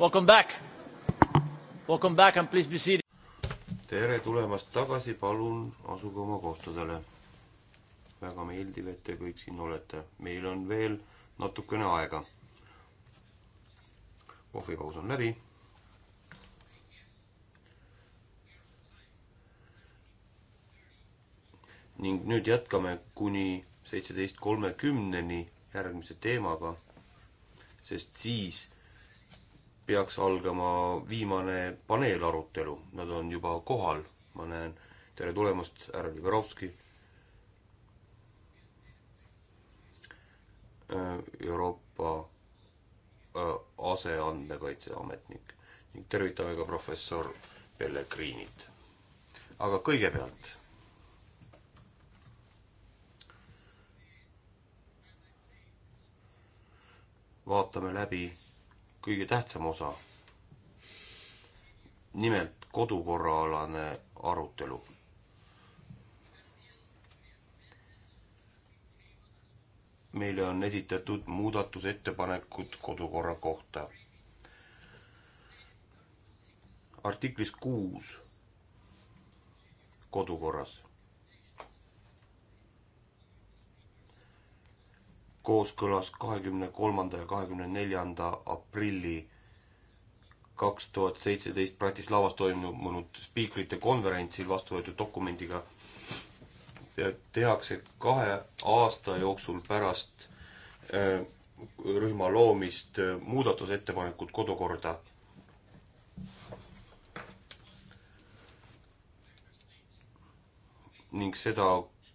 Welcome back. Welcome back and please be seated. tere tulemast tagasi, palun asuge oma kohtadele. väga meeldiv, et te kõik siin olete. meil on veel natukene aega. kohvipaus on läbi. ning nüüd jätkame kuni seitseteist kolmekümneni järgmise teemaga, sest siis peaks algama viimane paneelarutelu, nad on juba kohal, ma näen. tere tulemast, härra Liberovski. Äh, Euroopa äh, aseandmekaitseametnik ning tervitame ka professor Pellegrinit. aga kõigepealt vaatame läbi kõige tähtsam osa. nimelt kodukorraalane arutelu. meile on esitatud muudatusettepanekud kodukorra kohta. artiklis kuus kodukorras kooskõlas kahekümne kolmanda ja kahekümne neljanda aprilli kaks tuhat seitseteist Bratislavas toimunud spiikrite konverentsil vastu võetud dokumendiga tehakse kahe aasta jooksul pärast äh, rühma loomist äh, muudatusettepanekud kodukorda. ning seda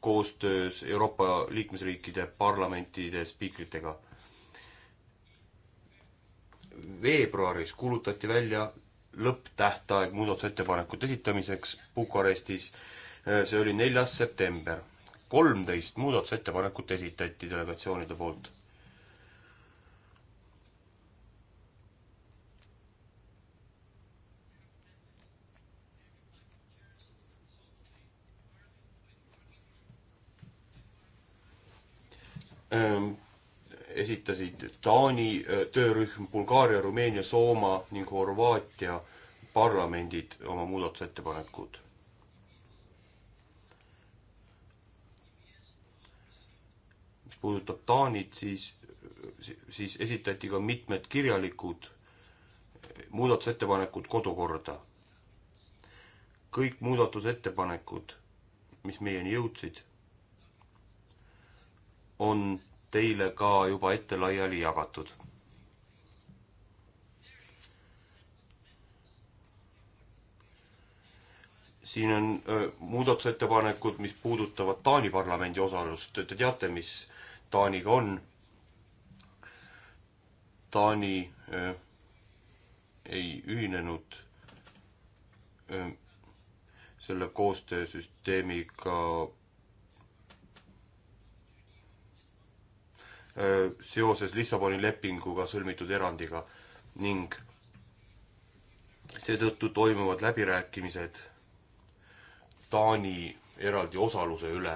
koostöös Euroopa liikmesriikide parlamentide spiikritega. veebruaris kuulutati välja lõpptähtaeg muudatusettepanekute esitamiseks Bukarestis, see oli neljas september. kolmteist muudatusettepanekut esitati delegatsioonide poolt esitasid Taani töörühm, Bulgaaria, Rumeenia, Sooma ning Horvaatia parlamendid oma muudatusettepanekud. mis puudutab Taanit, siis, siis esitati ka mitmed kirjalikud eh, muudatusettepanekud kodukorda. kõik muudatusettepanekud, mis meieni jõudsid on teile ka juba ette laiali jagatud. siin on öö, muudatusettepanekud, mis puudutavad Taani parlamendi osalust, te teate, mis Taaniga on. Taani öö, ei ühinenud öö, selle koostöösüsteemiga seoses Lissaboni lepinguga sõlmitud erandiga ning seetõttu toimuvad läbirääkimised Taani eraldi osaluse üle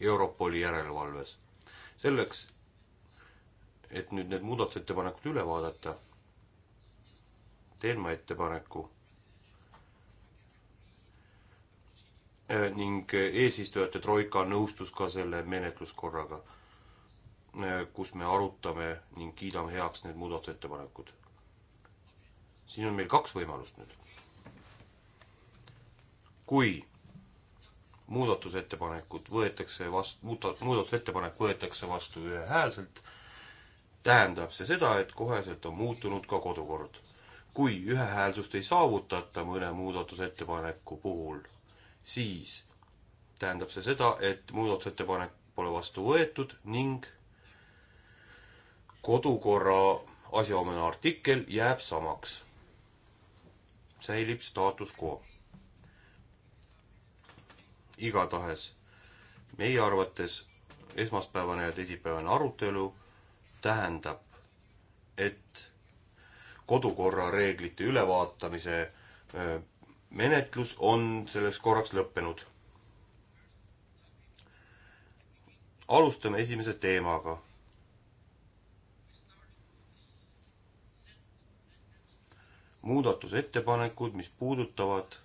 Europoli järelevalves. selleks, et nüüd need muudatusettepanekud üle vaadata, teen ma ettepaneku Äh, ning äh, eesistujate troika nõustus ka selle menetluskorraga, äh, kus me arutame ning kiidame heaks need muudatusettepanekud. siin on meil kaks võimalust nüüd. kui muudatusettepanekud võetakse vast-, muuta-, muudatusettepanek võetakse vastu ühehäälselt, tähendab see seda, et koheselt on muutunud ka kodukord. kui ühehäälsust ei saavutata mõne muudatusettepaneku puhul siis tähendab see seda, et muudatusettepanek pole vastu võetud ning kodukorra asjaomane artikkel jääb samaks. säilib staatus quo. igatahes meie arvates esmaspäevane ja teisipäevane arutelu tähendab, et kodukorra reeglite ülevaatamise äh, menetlus on selleks korraks lõppenud. alustame esimese teemaga. muudatusettepanekud, mis puudutavad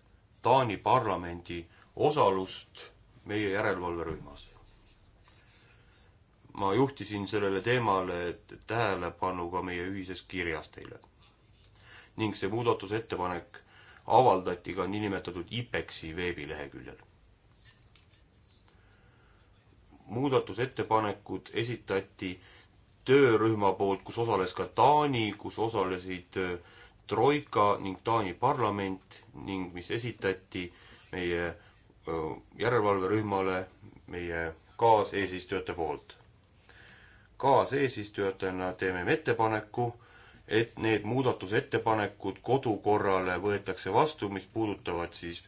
Taani parlamendi osalust meie järelevalverühmas. ma juhtisin sellele teemale tähelepanu ka meie ühises kirjas teile. ning see muudatusettepanek avaldati ka niinimetatud IPEX-i veebileheküljel. muudatusettepanekud esitati töörühma poolt, kus osales ka Taani, kus osalesid äh, Troika ning Taani parlament ning mis esitati meie äh, järelevalverühmale meie kaaseesistujate poolt. kaaseesistujatena teeme me ettepaneku et need muudatusettepanekud kodukorrale võetakse vastu, mis puudutavad siis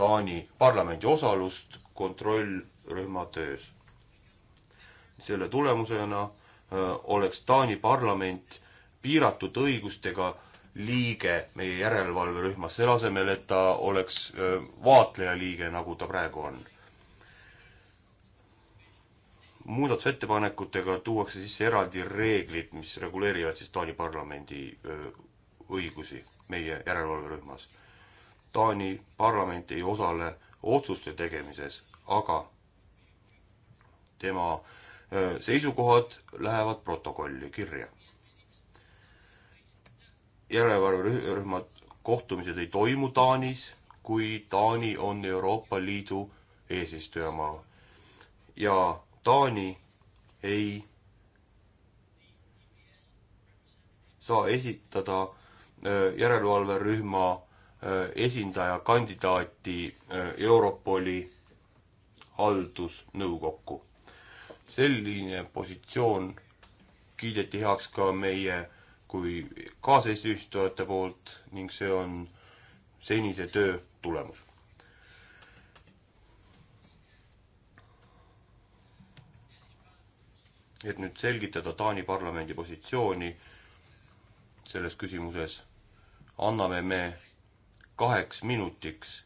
Taani parlamendi osalust kontrollrühma töös. selle tulemusena oleks Taani parlament piiratud õigustega liige meie järelevalverühmas, selle asemel, et ta oleks vaatlejaliige, nagu ta praegu on muudatusettepanekutega tuuakse sisse eraldi reeglid, mis reguleerivad siis Taani parlamendi õigusi meie järelevalverühmas. Taani parlament ei osale otsuste tegemises, aga tema seisukohad lähevad protokolli kirja. järelevalverühma kohtumised ei toimu Taanis, kui Taani on Euroopa Liidu eesistujamaa ja Taani ei saa esitada äh, järelevalverühma äh, esindaja kandidaati äh, Europoli haldusnõukokku. selline positsioon kiideti heaks ka meie kui kaasesistujate poolt ning see on senise töö tulemus. et nüüd selgitada Taani parlamendi positsiooni selles küsimuses, anname me kaheks minutiks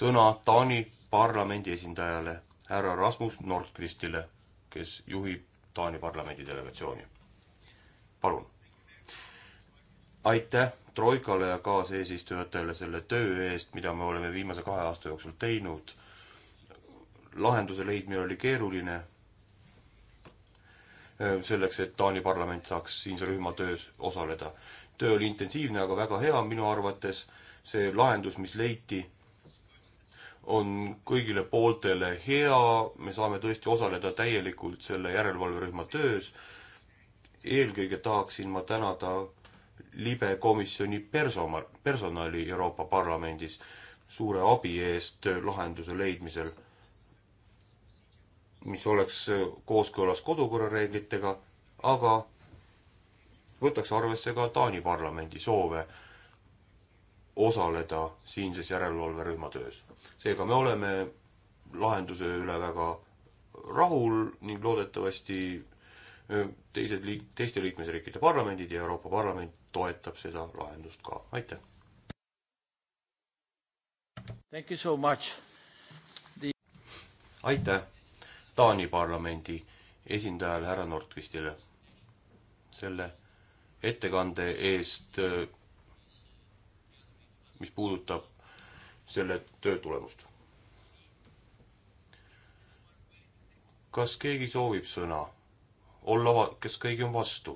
sõna Taani parlamendi esindajale, härra Rasmus Nordqvistile, kes juhib Taani parlamendi delegatsiooni. palun. aitäh Troikale ja kaaseesistujatele selle töö eest, mida me oleme viimase kahe aasta jooksul teinud. lahenduse leidmine oli keeruline Äh, selleks, et Taani parlament saaks siinse rühma töös osaleda. töö oli intensiivne, aga väga hea minu arvates. see lahendus, mis leiti, on kõigile pooltele hea, me saame tõesti osaleda täielikult selle järelevalverühma töös. eelkõige tahaksin ma tänada libe komisjoni persoma-, personali Euroopa Parlamendis suure abi eest lahenduse leidmisel mis oleks kooskõlas kodukorra reeglitega, aga võtaks arvesse ka Taani parlamendi soove osaleda siinses järelevalverühma töös. seega me oleme lahenduse üle väga rahul ning loodetavasti teised liik-, teiste liikmesriikide parlamendid ja Euroopa Parlament toetab seda lahendust ka, aitäh! The... aitäh! Taani parlamendi esindajale härra Nordqvistile selle ettekande eest, mis puudutab selle töö tulemust. kas keegi soovib sõna? olla va-, kas keegi on vastu?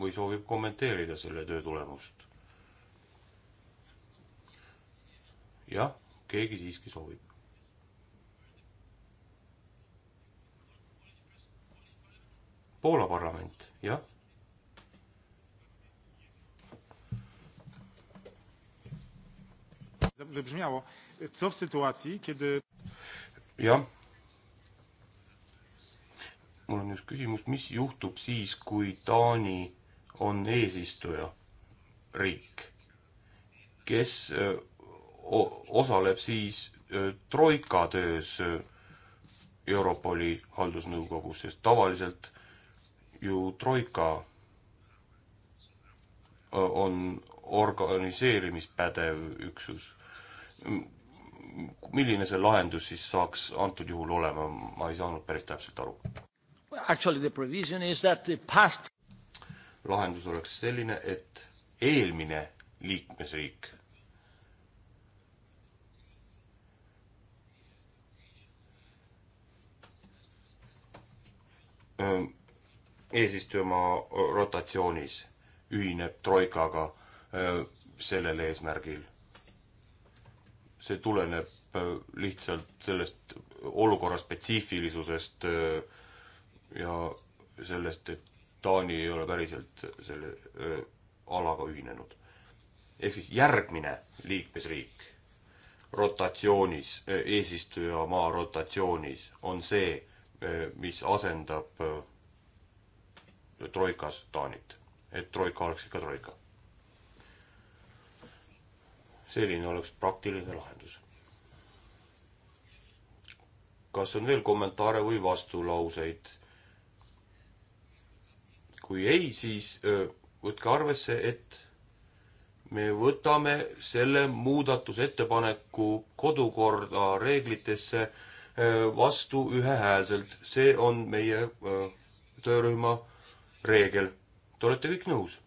või soovib kommenteerida selle töö tulemust? jah, keegi siiski soovib. Poola parlament, jah. Wybrzmiało, co w sytuacji, kiedy... jah. mul on just küsimus, mis juhtub siis, kui Taani on eesistuja riik, kes osaleb siis troika töös Europoli haldusnõukogus, sest tavaliselt ju Troika on organiseerimispädev üksus. milline see lahendus siis saaks antud juhul olema, ma ei saanud päris täpselt aru. Past... lahendus oleks selline, et eelmine liikmesriik um, eesistujamaa rotatsioonis ühineb Troikaga sellel eesmärgil. see tuleneb lihtsalt sellest olukorra spetsiifilisusest ja sellest, et Taani ei ole päriselt selle alaga ühinenud. ehk siis järgmine liikmesriik rotatsioonis, eesistujamaa rotatsioonis on see, mis asendab troikas Taanit. et troika oleks ikka troika. selline oleks praktiline lahendus. kas on veel kommentaare või vastulauseid? kui ei, siis öö, võtke arvesse, et me võtame selle muudatusettepaneku kodukorda reeglitesse vastu ühehäälselt. see on meie töörühma reegel. Te olete kõik nõus?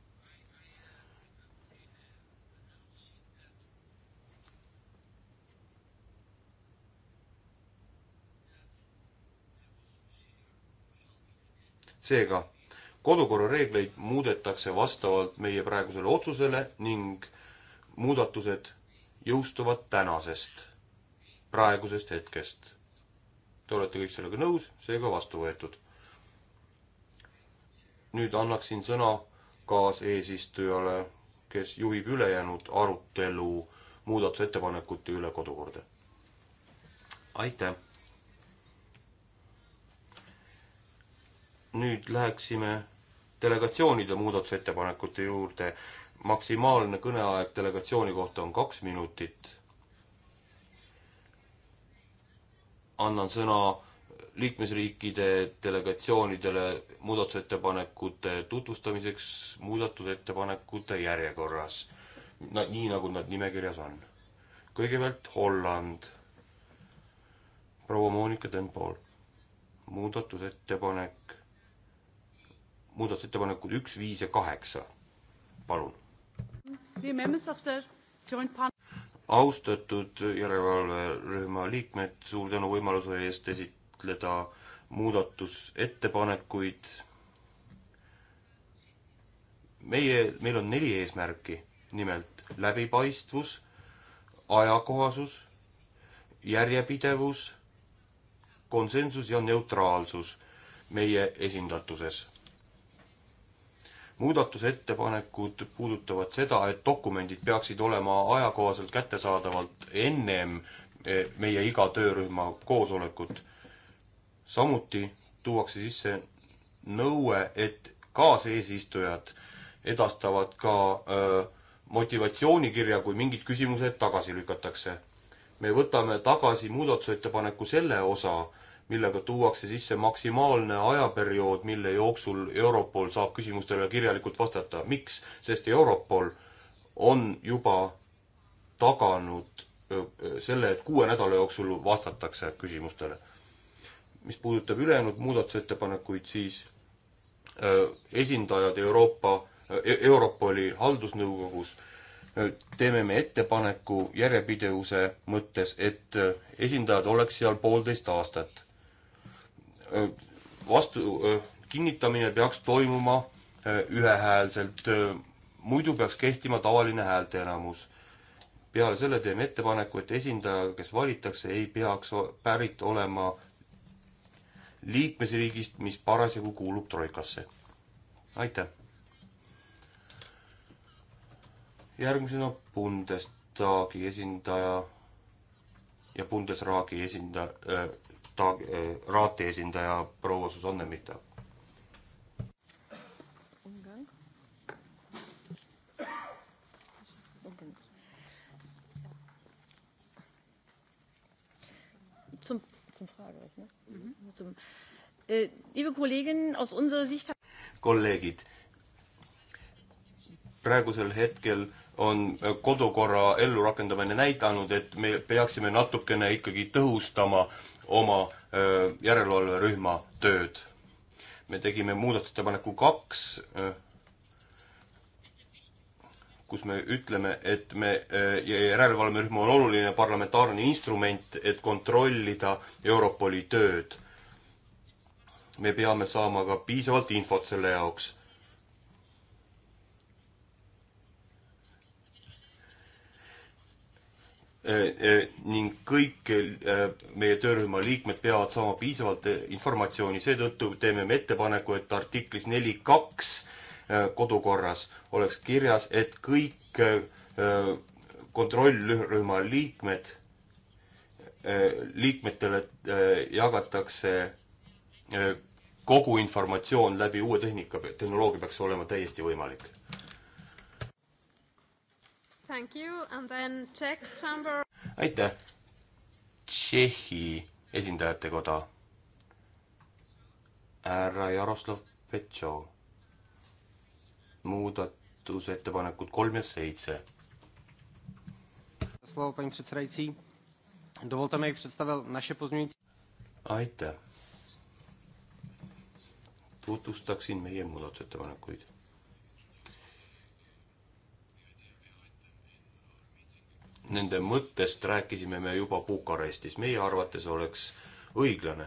seega, kodukorra reegleid muudetakse vastavalt meie praegusele otsusele ning muudatused jõustuvad tänasest, praegusest hetkest. Te olete kõik sellega nõus, seega vastu võetud nüüd annaksin sõna kaaseesistujale, kes juhib ülejäänud arutelu muudatusettepanekute üle kodukorda. aitäh! nüüd läheksime delegatsioonide muudatusettepanekute juurde. maksimaalne kõneaeg delegatsiooni kohta on kaks minutit. annan sõna liikmesriikide delegatsioonidele muudatusettepanekute tutvustamiseks muudatud ettepanekute järjekorras, nii nagu nad nimekirjas on. kõigepealt Holland, proua Monika Denpool, muudatusettepanek, muudatusettepanekud üks, viis ja kaheksa, palun. austatud järelevalverühma liikmed, suur tänu võimaluse eest esit-, menetleda muudatusettepanekuid. meie, meil on neli eesmärki, nimelt läbipaistvus, ajakohasus, järjepidevus, konsensus ja neutraalsus meie esindatuses muudatusettepanekud puudutavad seda, et dokumendid peaksid olema ajakohaselt kättesaadavalt ennem eh, meie iga töörühma koosolekut samuti tuuakse sisse nõue, et kaaseesistujad edastavad ka öö, äh, motivatsioonikirja, kui mingid küsimused tagasi lükatakse. me võtame tagasi muudatusettepaneku selle osa, millega tuuakse sisse maksimaalne ajaperiood, mille jooksul Europol saab küsimustele kirjalikult vastata. miks? sest Europol on juba taganud äh, äh, selle, et kuue nädala jooksul vastatakse küsimustele mis puudutab ülejäänud muudatusettepanekuid, siis äh, esindajad Euroopa, äh, e-, Europoli haldusnõukogus äh, teeme me ettepaneku järjepidevuse mõttes, et esindajad oleks seal poolteist aastat. vastu, kinnitamine peaks toimuma ühehäälselt, muidu peaks kehtima tavaline häälteenamus. peale selle teeme ettepaneku, et esindaja, kes valitakse, ei peaks pärit olema liikmesriigist, mis parasjagu kuulub Troikasse. aitäh! järgmisena Bundestagi esindaja ja Bundesragi esindaja äh,, äh, raati esindaja proua Susanne Mittag. zum äh, Liebe Kolleginnen, aus unserer Sicht kolleegid, praegusel hetkel on äh, kodukorra ellurakendamine näidanud, et me peaksime natukene ikkagi tõhustama oma äh, järelevalverühma tööd. me tegime muudatusettepaneku kaks, kus me ütleme, et me, järelevalverühm on oluline parlamentaarne instrument, et kontrollida Europoli tööd me peame saama ka piisavalt infot selle jaoks. Äh, äh, ning kõik äh, meie töörühma liikmed peavad saama piisavalt informatsiooni, seetõttu teeme me ettepaneku, et artiklis neli kaks kodukorras oleks kirjas, et kõik kontrollrühma liikmed, liikmetele jagatakse Äh, kogu informatsioon läbi uue tehnika, tehnoloogia peaks olema täiesti võimalik. aitäh. Tšehhi esindajate koda. härra Jaroslav Petšov. muudatusettepanekud kolm ja seitse. Slovo paní předsedající. Dovolte mi, abych představil naše pozměňující. Aitäh tutvustaksin meie muudatusettepanekuid. Nende mõttest rääkisime me juba Bukarestis, meie arvates oleks õiglane,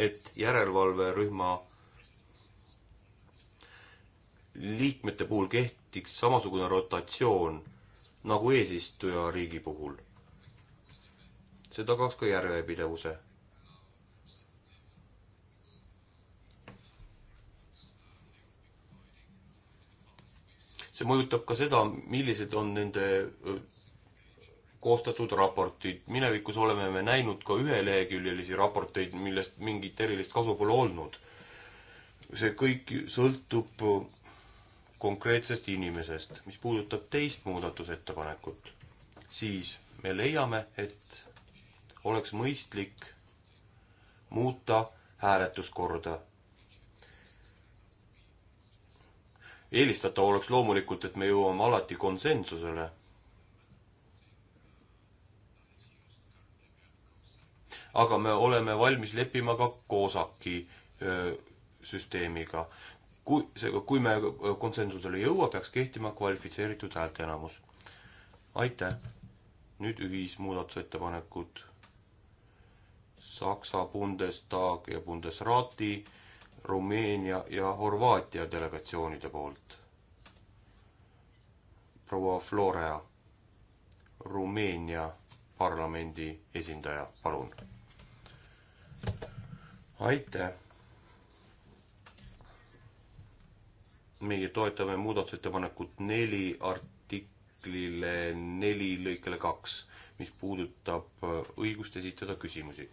et järelevalverühma liikmete puhul kehtiks samasugune rotatsioon nagu eesistujariigi puhul. see tagaks ka järjepidevuse. see mõjutab ka seda, millised on nende koostatud raportid. minevikus oleme me näinud ka üheleheküljelisi raporteid, millest mingit erilist kasu pole olnud. see kõik sõltub konkreetsest inimesest. mis puudutab teist muudatusettepanekut, siis me leiame, et oleks mõistlik muuta hääletuskorda eelistatav oleks loomulikult, et me jõuame alati konsensusele. aga me oleme valmis leppima ka COSAC-i süsteemiga. kui, seega, kui me konsensusele ei jõua, peaks kehtima kvalifitseeritud häälteenamus. aitäh! nüüd ühismuudatusettepanekud. Saksa Bundestag ja Bundesrati Rumeenia ja Horvaatia delegatsioonide poolt. proua Florea, Rumeenia parlamendi esindaja, palun. aitäh. meie toetame muudatusettepanekut neli artiklile neli lõikele kaks, mis puudutab äh, õigust esitada küsimusi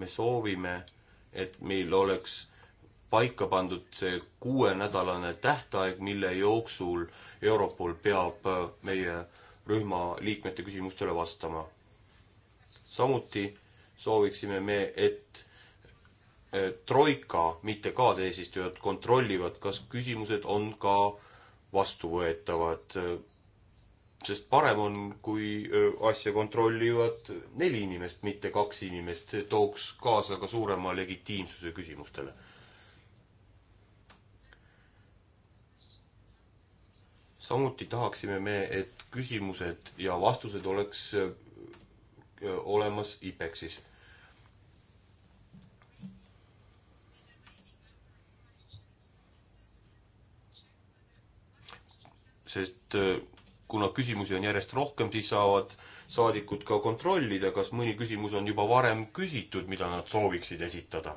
me soovime, et meil oleks paika pandud see kuuenädalane tähtaeg, mille jooksul Europol peab äh, meie rühma liikmete küsimustele vastama. samuti sooviksime me, et äh, troika, mitte kaaseesistujad, kontrollivad, kas küsimused on ka vastuvõetavad sest parem on, kui asja kontrollivad neli inimest, mitte kaks inimest, see tooks kaasa ka suurema legitiimsuse küsimustele. samuti tahaksime me, et küsimused ja vastused oleks olemas IPEX-is sest kuna küsimusi on järjest rohkem, siis saavad saadikud ka kontrollida, kas mõni küsimus on juba varem küsitud, mida nad sooviksid esitada.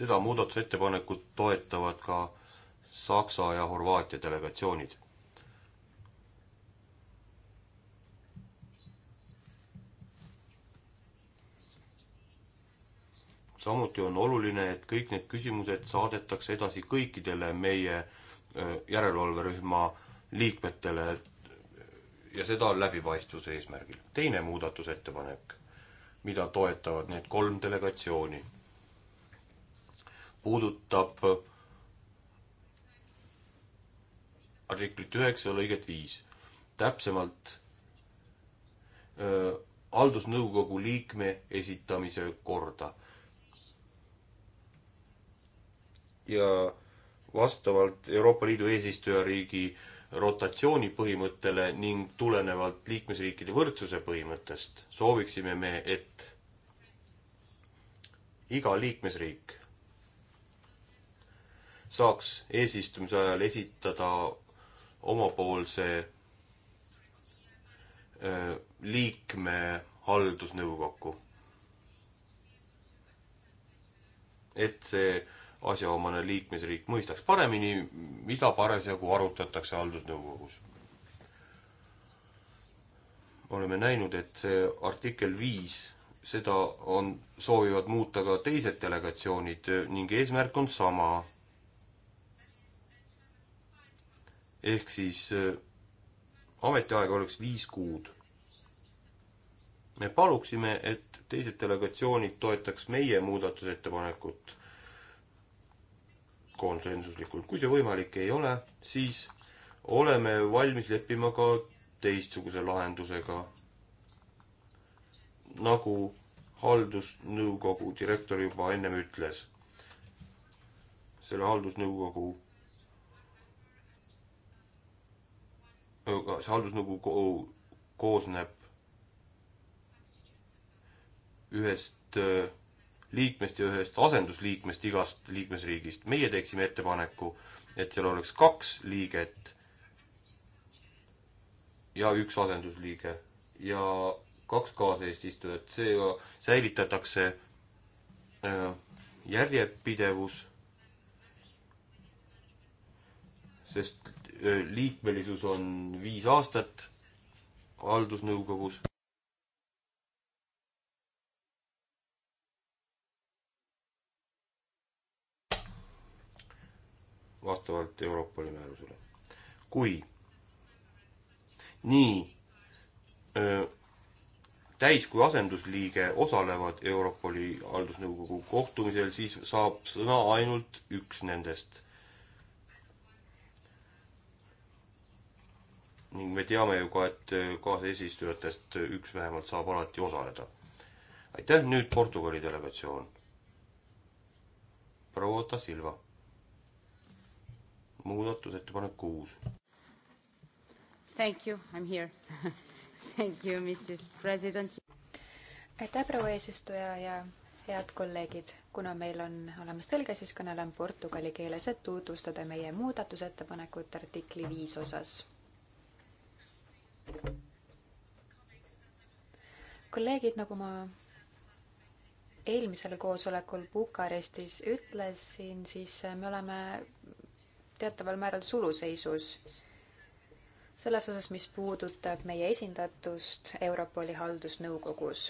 seda muudatusettepanekut toetavad ka Saksa ja Horvaatia delegatsioonid. samuti on oluline, et kõik need küsimused saadetakse edasi kõikidele meie äh, Äh, järelevalverühma liikmetele ja seda läbipaistvuse eesmärgil. teine muudatusettepanek, mida toetavad need kolm delegatsiooni, puudutab artiklit üheksa lõiget viis. täpsemalt äh, haldusnõukogu liikme esitamise korda. ja vastavalt Euroopa Liidu eesistujariigi rotatsiooni põhimõttele ning tulenevalt liikmesriikide võrdsuse põhimõttest sooviksime me, et iga liikmesriik saaks eesistumise ajal esitada omapoolse liikme haldusnõukokku. et see asjaomane liikmesriik mõistaks paremini, mida parasjagu arutatakse haldusnõukogus. oleme näinud, et see artikkel viis, seda on, soovivad muuta ka teised delegatsioonid ning eesmärk on sama. ehk siis äh, ametiaeg oleks viis kuud. me paluksime, et teised delegatsioonid toetaks meie muudatusettepanekut konsensuslikult. kui see võimalik ei ole, siis oleme valmis leppima ka teistsuguse lahendusega, nagu haldusnõukogu direktor juba ennem ütles. selle haldusnõukogu see haldusnõukogu koosneb ühest äh, liikmest ja ühest asendusliikmest igast liikmesriigist. meie teeksime ettepaneku, et seal oleks kaks liiget ja üks asendusliige ja kaks kaaseesistujat, seega säilitatakse äh, järjepidevus, sest äh, liikmelisus on viis aastat haldusnõukogus. vastavalt Euroopa Liidu määrusele. kui nii öö, täis- kui asendusliige osalevad Europoli haldusnõukogu kohtumisel, siis saab sõna ainult üks nendest. ning me teame ju ka, et kaasesistujatest üks vähemalt saab alati osaleda. aitäh, nüüd Portugali delegatsioon. proua Ota Silva muudatusettepanek kuus. Thank you, I am here Thank you, Mrs President. aitäh, proua eesistuja ja head kolleegid, kuna meil on olemas tõlge, siis kõnelen portugali keeles, et tutvustada meie muudatusettepanekut artikli viis osas. kolleegid, nagu ma eelmisel koosolekul Bukarestis ütlesin, siis me oleme teataval määral suluseisus selles osas, mis puudutab meie esindatust Europoli haldusnõukogus.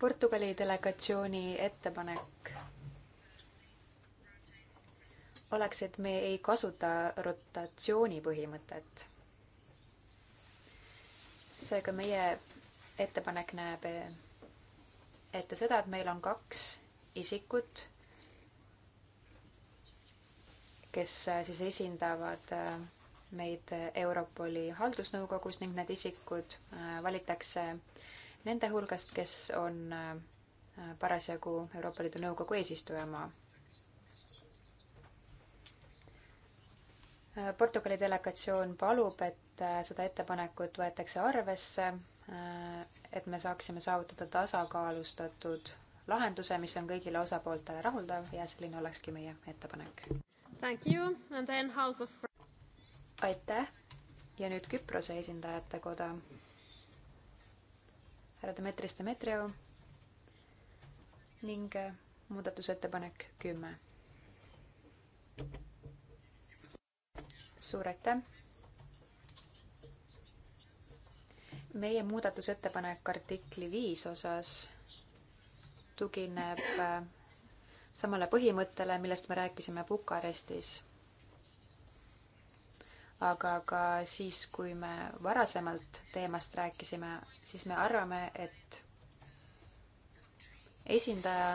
Portugali delegatsiooni ettepanek oleks, et me ei kasuta rotatsiooni põhimõtet. seega meie ettepanek näeb ette seda, et meil on kaks isikut kes äh, siis esindavad äh, meid Europoli haldusnõukogus ning need isikud äh, valitakse nende hulgast, kes on parasjagu Euroopa Liidu Nõukogu eesistujamaa. Portugali delegatsioon palub, et seda ettepanekut võetakse arvesse, et me saaksime saavutada tasakaalustatud lahenduse, mis on kõigile osapooltele rahuldav ja selline olekski meie ettepanek. Thank you and then House of aitäh ja nüüd Küprose esindajate koda. härra Dmitris Dmitrijev ning äh, muudatusettepanek kümme. suur aitäh. meie muudatusettepanek artikli viis osas tugineb äh, samale põhimõttele, millest me rääkisime Bukarestis. aga ka siis, kui me varasemalt teemast rääkisime, siis me arvame, et esindaja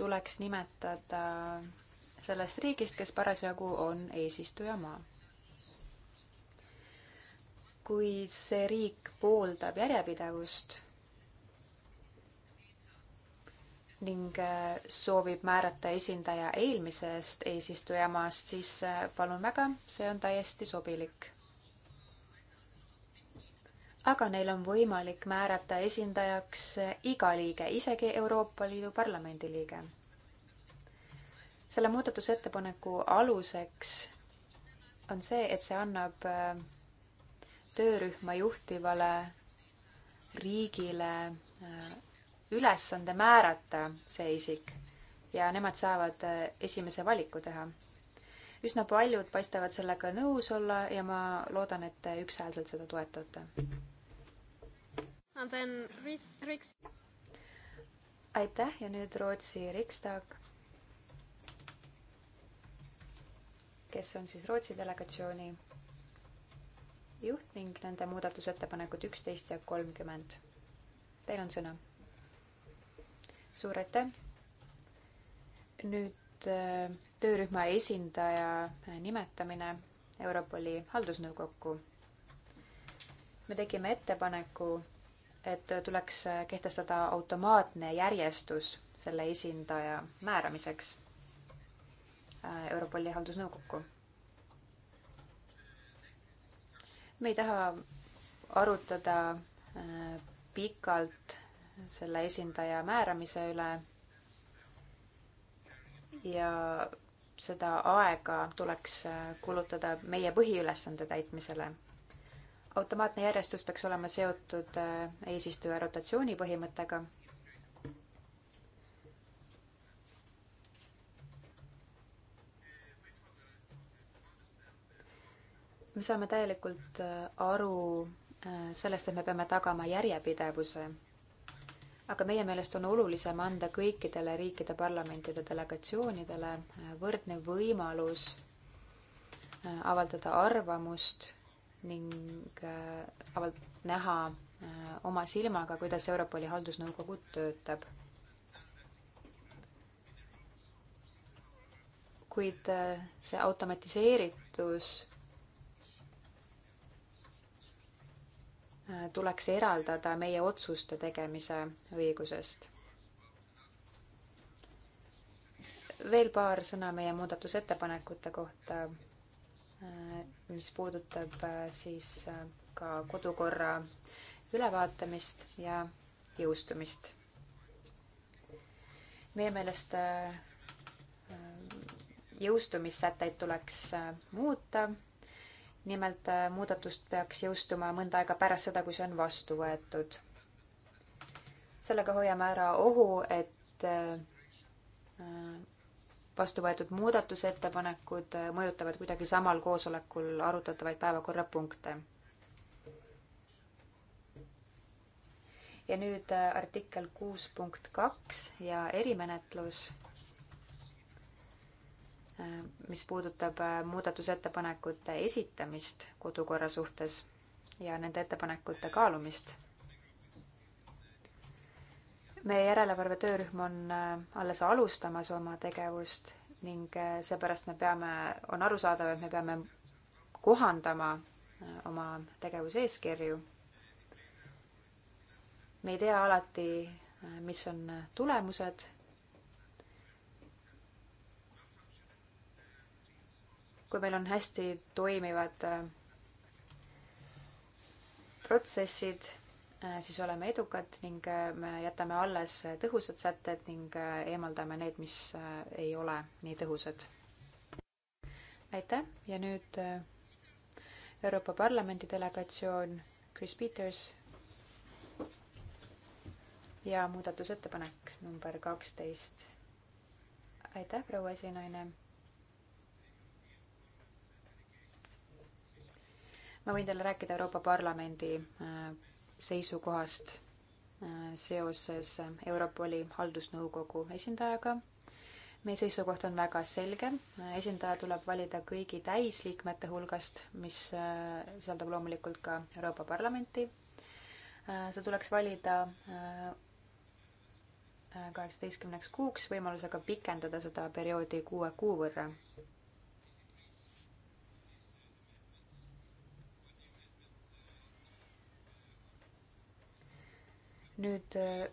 tuleks nimetada sellest riigist, kes parasjagu on eesistujamaa. kui see riik pooldab järjepidevust ning äh, soovib määrata esindaja eelmisest eesistujamaast, siis äh, palun väga, see on täiesti sobilik. aga neil on võimalik määrata esindajaks äh, iga liige, isegi Euroopa Liidu Parlamendi liige. selle muudatusettepaneku aluseks on see, et see annab töörühma juhtivale riigile ülesande määrata see isik ja nemad saavad eh, esimese valiku teha. üsna paljud paistavad sellega nõus olla ja ma loodan, et te ükshäälselt seda toetate. aitäh ja nüüd Rootsi Riksdag, kes on siis Rootsi delegatsiooni juht ning nende muudatusettepanekud üksteist ja kolmkümmend. Teil on sõna suur aitäh. nüüd äh, töörühma esindaja äh, nimetamine Europoli haldusnõukokku. me tegime ettepaneku, et tuleks äh, kehtestada automaatne järjestus selle esindaja määramiseks Europoli haldusnõukokku. me ei taha arutada pikalt selle esindaja määramise üle ja seda aega tuleks äh, kulutada meie põhiülesande täitmisele. automaatne järjestus peaks olema seotud äh, eesistuja rotatsiooni põhimõttega. me saame täielikult äh, aru sellest, et me peame tagama järjepidevuse aga meie meelest on olulisem anda kõikidele riikide parlamentide delegatsioonidele äh, võrdne võimalus äh, avaldada arvamust ning äh, avald-, näha oma silmaga, kuidas Europoli haldusnõukogu töötab. kuid see automatiseeritus tuleks eraldada meie otsuste tegemise õigusest. veel paar sõna meie muudatusettepanekute kohta, mis puudutab äh, siis äh, ka kodukorra ülevaatamist ja jõustumist. meie meelest äh, jõustumissätteid tuleks muuta nimelt äh, muudatust peaks jõustuma mõnda aega pärast seda, kui see on vastu võetud. sellega hoiame ära ohu, et äh, äh, vastu võetud muudatusettepanekud mõjutavad kuidagi samal koosolekul arutatavaid päevakorrapunkte. ja nüüd artikkel kuus punkt kaks ja erimenetlus Äh, mis puudutab äh, muudatusettepanekute esitamist kodukorra suhtes ja nende ettepanekute kaalumist. meie järelevalve töörühm on äh, alles alustamas oma tegevust ning seepärast me peame, on arusaadav, et me peame kohandama oma tegevuse eeskirju. me ei tea alati, mis on tulemused kui meil on hästi toimivad äh, protsessid, äh, siis oleme edukad ning äh, me jätame alles tõhusad sätted ning eemaldame need, mis ei ole nii tõhusad. aitäh ja nüüd Euroopa Parlamendi delegatsioon, Chris Peters ja muudatusettepanek number kaksteist. aitäh, proua esinaine ma võin teile rääkida Euroopa Parlamendi äh, seisukohast äh, seoses äh, Europoli haldusnõukogu esindajaga. meie seisukoht on väga selge, esindaja tuleb valida kõigi täisliikmete hulgast, mis sisaldab loomulikult ka Euroopa Parlamenti. see tuleks valida kaheksateistkümneks kuuks võimalusega pikendada seda perioodi kuue kuu võrra. nüüd äh,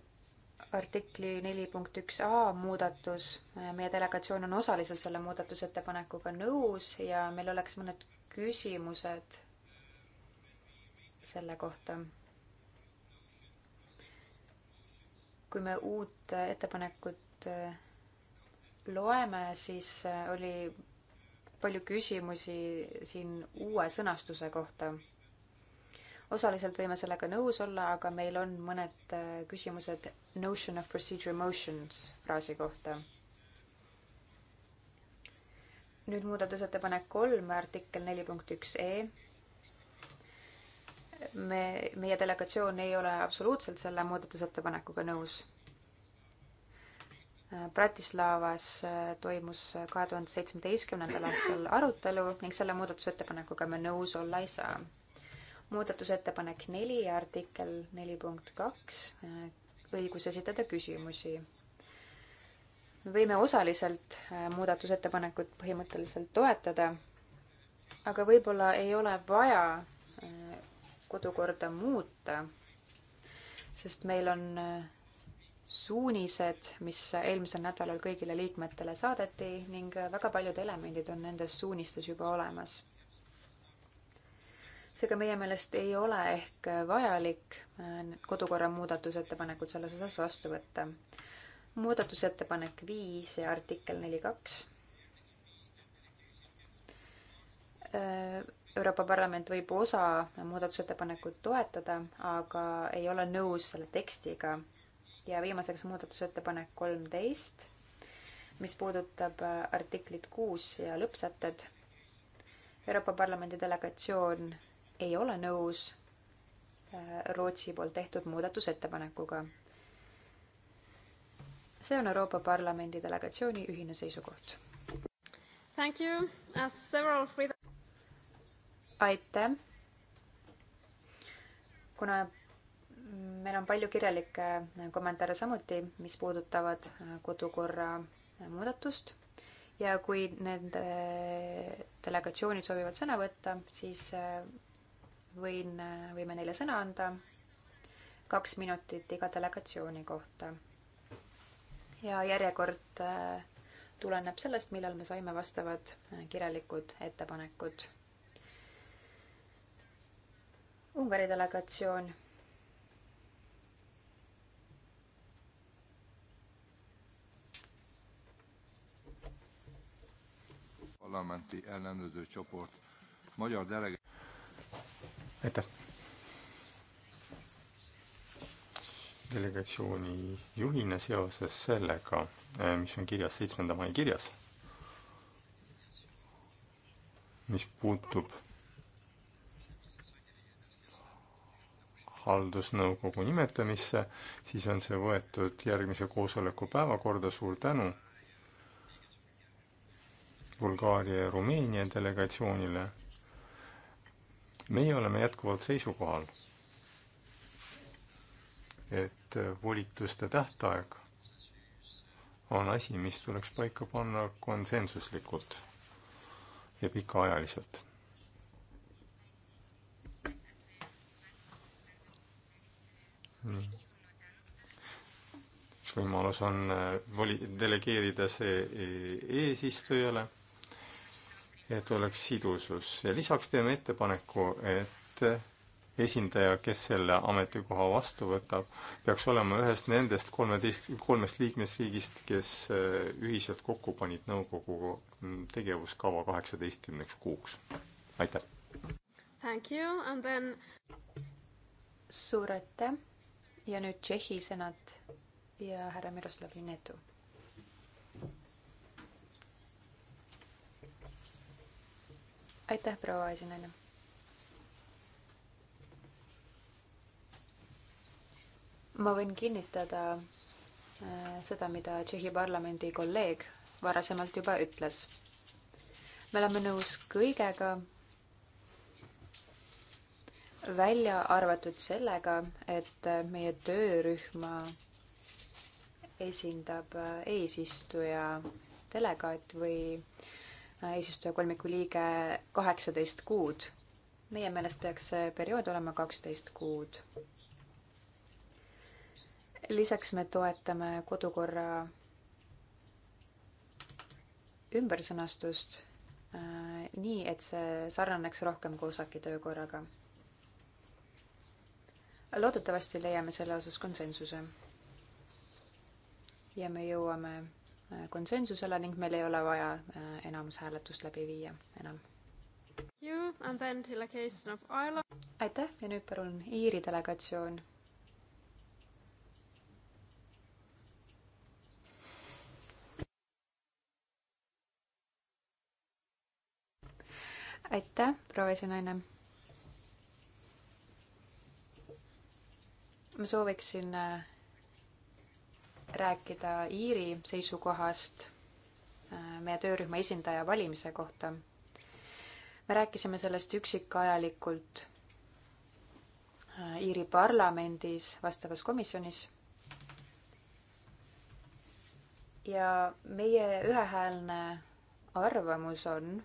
artikli neli punkt üks A muudatus, äh, meie delegatsioon on osaliselt selle muudatusettepanekuga nõus ja meil oleks mõned küsimused selle kohta. kui me uut ettepanekut äh, loeme, siis oli palju küsimusi siin uue sõnastuse kohta osaliselt võime sellega nõus olla, aga meil on mõned äh, küsimused notion of procedure motions fraasi kohta. nüüd muudatusettepanek kolm, artikkel neli punkt üks E. me, meie delegatsioon ei ole absoluutselt selle muudatusettepanekuga nõus äh, Bratislavas äh, toimus kahe tuhande seitsmeteistkümnendal aastal arutelu ning selle muudatusettepanekuga me nõus olla ei saa muudatusettepanek neli ja artikkel neli punkt kaks, äh, õigus esitada küsimusi. me võime osaliselt äh, muudatusettepanekut põhimõtteliselt toetada, aga võib-olla ei ole vaja äh, kodukorda muuta, sest meil on suunised, mis eelmisel nädalal kõigile liikmetele saadeti ning väga paljud elemendid on nendes suunistes juba olemas seega meie meelest ei ole ehk vajalik äh, kodukorra muudatusettepanekud selles osas vastu võtta. muudatusettepanek viis ja artikkel neli kaks. Äh, Euroopa Parlament võib osa muudatusettepanekut toetada, aga ei ole nõus selle tekstiga. ja viimaseks muudatusettepanek kolmteist, mis puudutab äh, artiklit kuus ja lõppsätted Euroopa Parlamendi delegatsioon ei ole nõus äh, Rootsi poolt tehtud muudatusettepanekuga. see on Euroopa Parlamendi delegatsiooni ühine seisukoht. Several... aitäh. kuna meil on palju kirjalikke äh, kommentaare samuti, mis puudutavad äh, kodukorra muudatust ja kui need delegatsioonid soovivad sõna võtta, siis võin, võime neile sõna anda. kaks minutit iga delegatsiooni kohta. ja järjekord äh, tuleneb sellest, millal me saime vastavad äh, kirjalikud ettepanekud. Ungari delegatsioon. parlamenti ellenőrző csoport magyar delegáció aitäh! delegatsiooni juhina seoses sellega, eh, mis on kirjas seitsmenda mai kirjas, mis puutub haldusnõukogu nimetamisse, siis on see võetud järgmise koosoleku päevakorda, suur tänu Bulgaaria ja Rumeenia delegatsioonile meie oleme jätkuvalt seisukohal, et volituste tähtaeg on asi, mis tuleks paika panna konsensuslikult ja pikaajaliselt. üks võimalus on äh, voli-, delegeerida see äh, eesistujale et oleks sidusus ja lisaks teeme ettepaneku, et esindaja, kes selle ametikoha vastu võtab, peaks olema ühest nendest kolmeteist, kolmest liikmesriigist, kes äh, ühiselt kokku panid nõukogu mm, tegevuskava kaheksateistkümneks kuuks. aitäh! Thank you and then suur aitäh ja nüüd Tšehhi sõnad ja härra Miroslav Linetu aitäh, proua esinaine. ma võin kinnitada äh, seda, mida Tšehhi parlamendi kolleeg varasemalt juba ütles. me oleme nõus kõigega, välja arvatud sellega, et meie töörühma esindab äh, eesistuja delegaat või äh, eesistujakolmiku liige kaheksateist kuud. meie meelest peaks see periood olema kaksteist kuud. lisaks me toetame kodukorra ümbersõnastust äh, nii, et see sarnaneks rohkem Kosaki töökorraga. loodetavasti leiame selle osas konsensuse. ja me jõuame Äh, konsensusele ning meil ei ole vaja äh, enamushääletust läbi viia enam. aitäh ja nüüd palun Iiri delegatsioon. aitäh, proua esinaine. ma sooviksin äh, rääkida Iiri seisukohast äh, meie töörühma esindaja valimise kohta. me rääkisime sellest üksikajalikult äh, Iiri parlamendis vastavas komisjonis. ja meie ühehäälne arvamus on,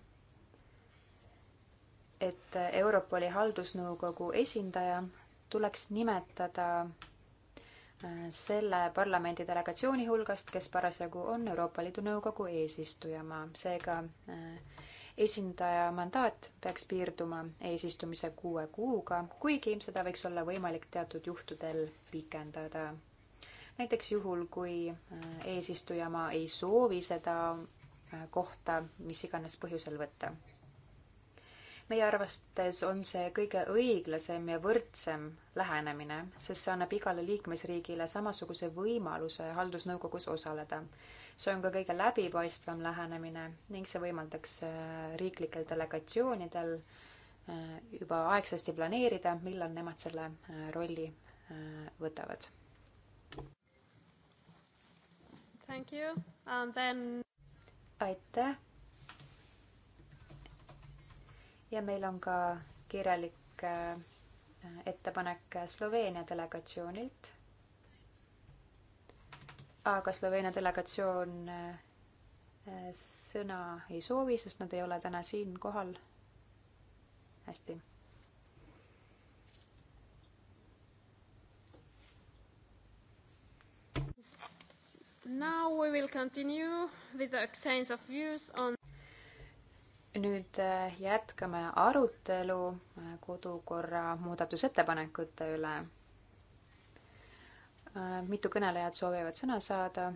et Europoli haldusnõukogu esindaja tuleks nimetada selle parlamendi delegatsiooni hulgast, kes parasjagu on Euroopa Liidu Nõukogu eesistujamaa. seega äh, esindaja mandaat peaks piirduma eesistumise kuue kuuga, kuigi seda võiks olla võimalik teatud juhtudel pikendada. näiteks juhul, kui äh, eesistujamaa ei soovi seda äh, kohta mis iganes põhjusel võtta meie arvates on see kõige õiglasem ja võrdsem lähenemine, sest see annab igale liikmesriigile samasuguse võimaluse haldusnõukogus osaleda. see on ka kõige läbipaistvam lähenemine ning see võimaldaks äh, riiklikel delegatsioonidel äh, juba aegsasti planeerida, millal nemad selle äh, rolli võtavad. Thank you and then aitäh ja meil on ka kirjalik äh, ettepanek Sloveenia delegatsioonilt. aga Sloveenia delegatsioon äh, sõna ei soovi, sest nad ei ole täna siin kohal. hästi. Now we will continue with the exchange of views on nüüd äh, jätkame arutelu äh, kodukorra muudatusettepanekute üle. Äh, mitu kõnelejat soovivad sõna saada?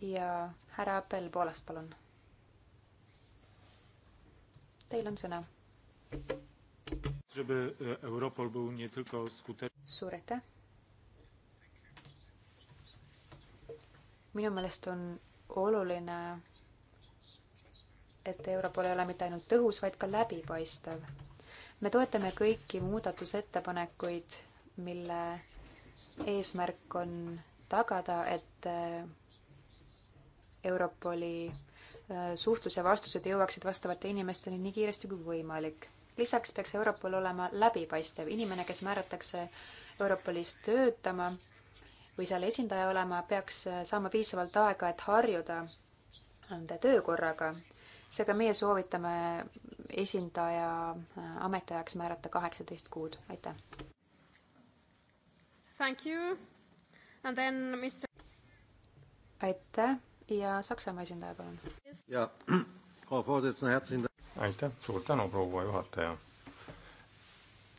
ja härra Appel Poolast, palun. Teil on sõna. E, suur aitäh. minu meelest on oluline et Europol ei ole mitte ainult tõhus, vaid ka läbipaistev. me toetame kõiki muudatusettepanekuid, mille eesmärk on tagada, et Europoli äh, suhtlus ja vastused jõuaksid vastavate inimesteni nii kiiresti kui võimalik. lisaks peaks Europol olema läbipaistev. inimene, kes määratakse Europolis töötama või seal esindaja olema, peaks äh, saama piisavalt aega, et harjuda nende töökorraga seega meie soovitame esindaja äh, ametiajaks määrata kaheksateist kuud, aitäh. Mister... aitäh ja Saksamaa esindaja, palun. ja, aitäh, suur tänu, proua juhataja.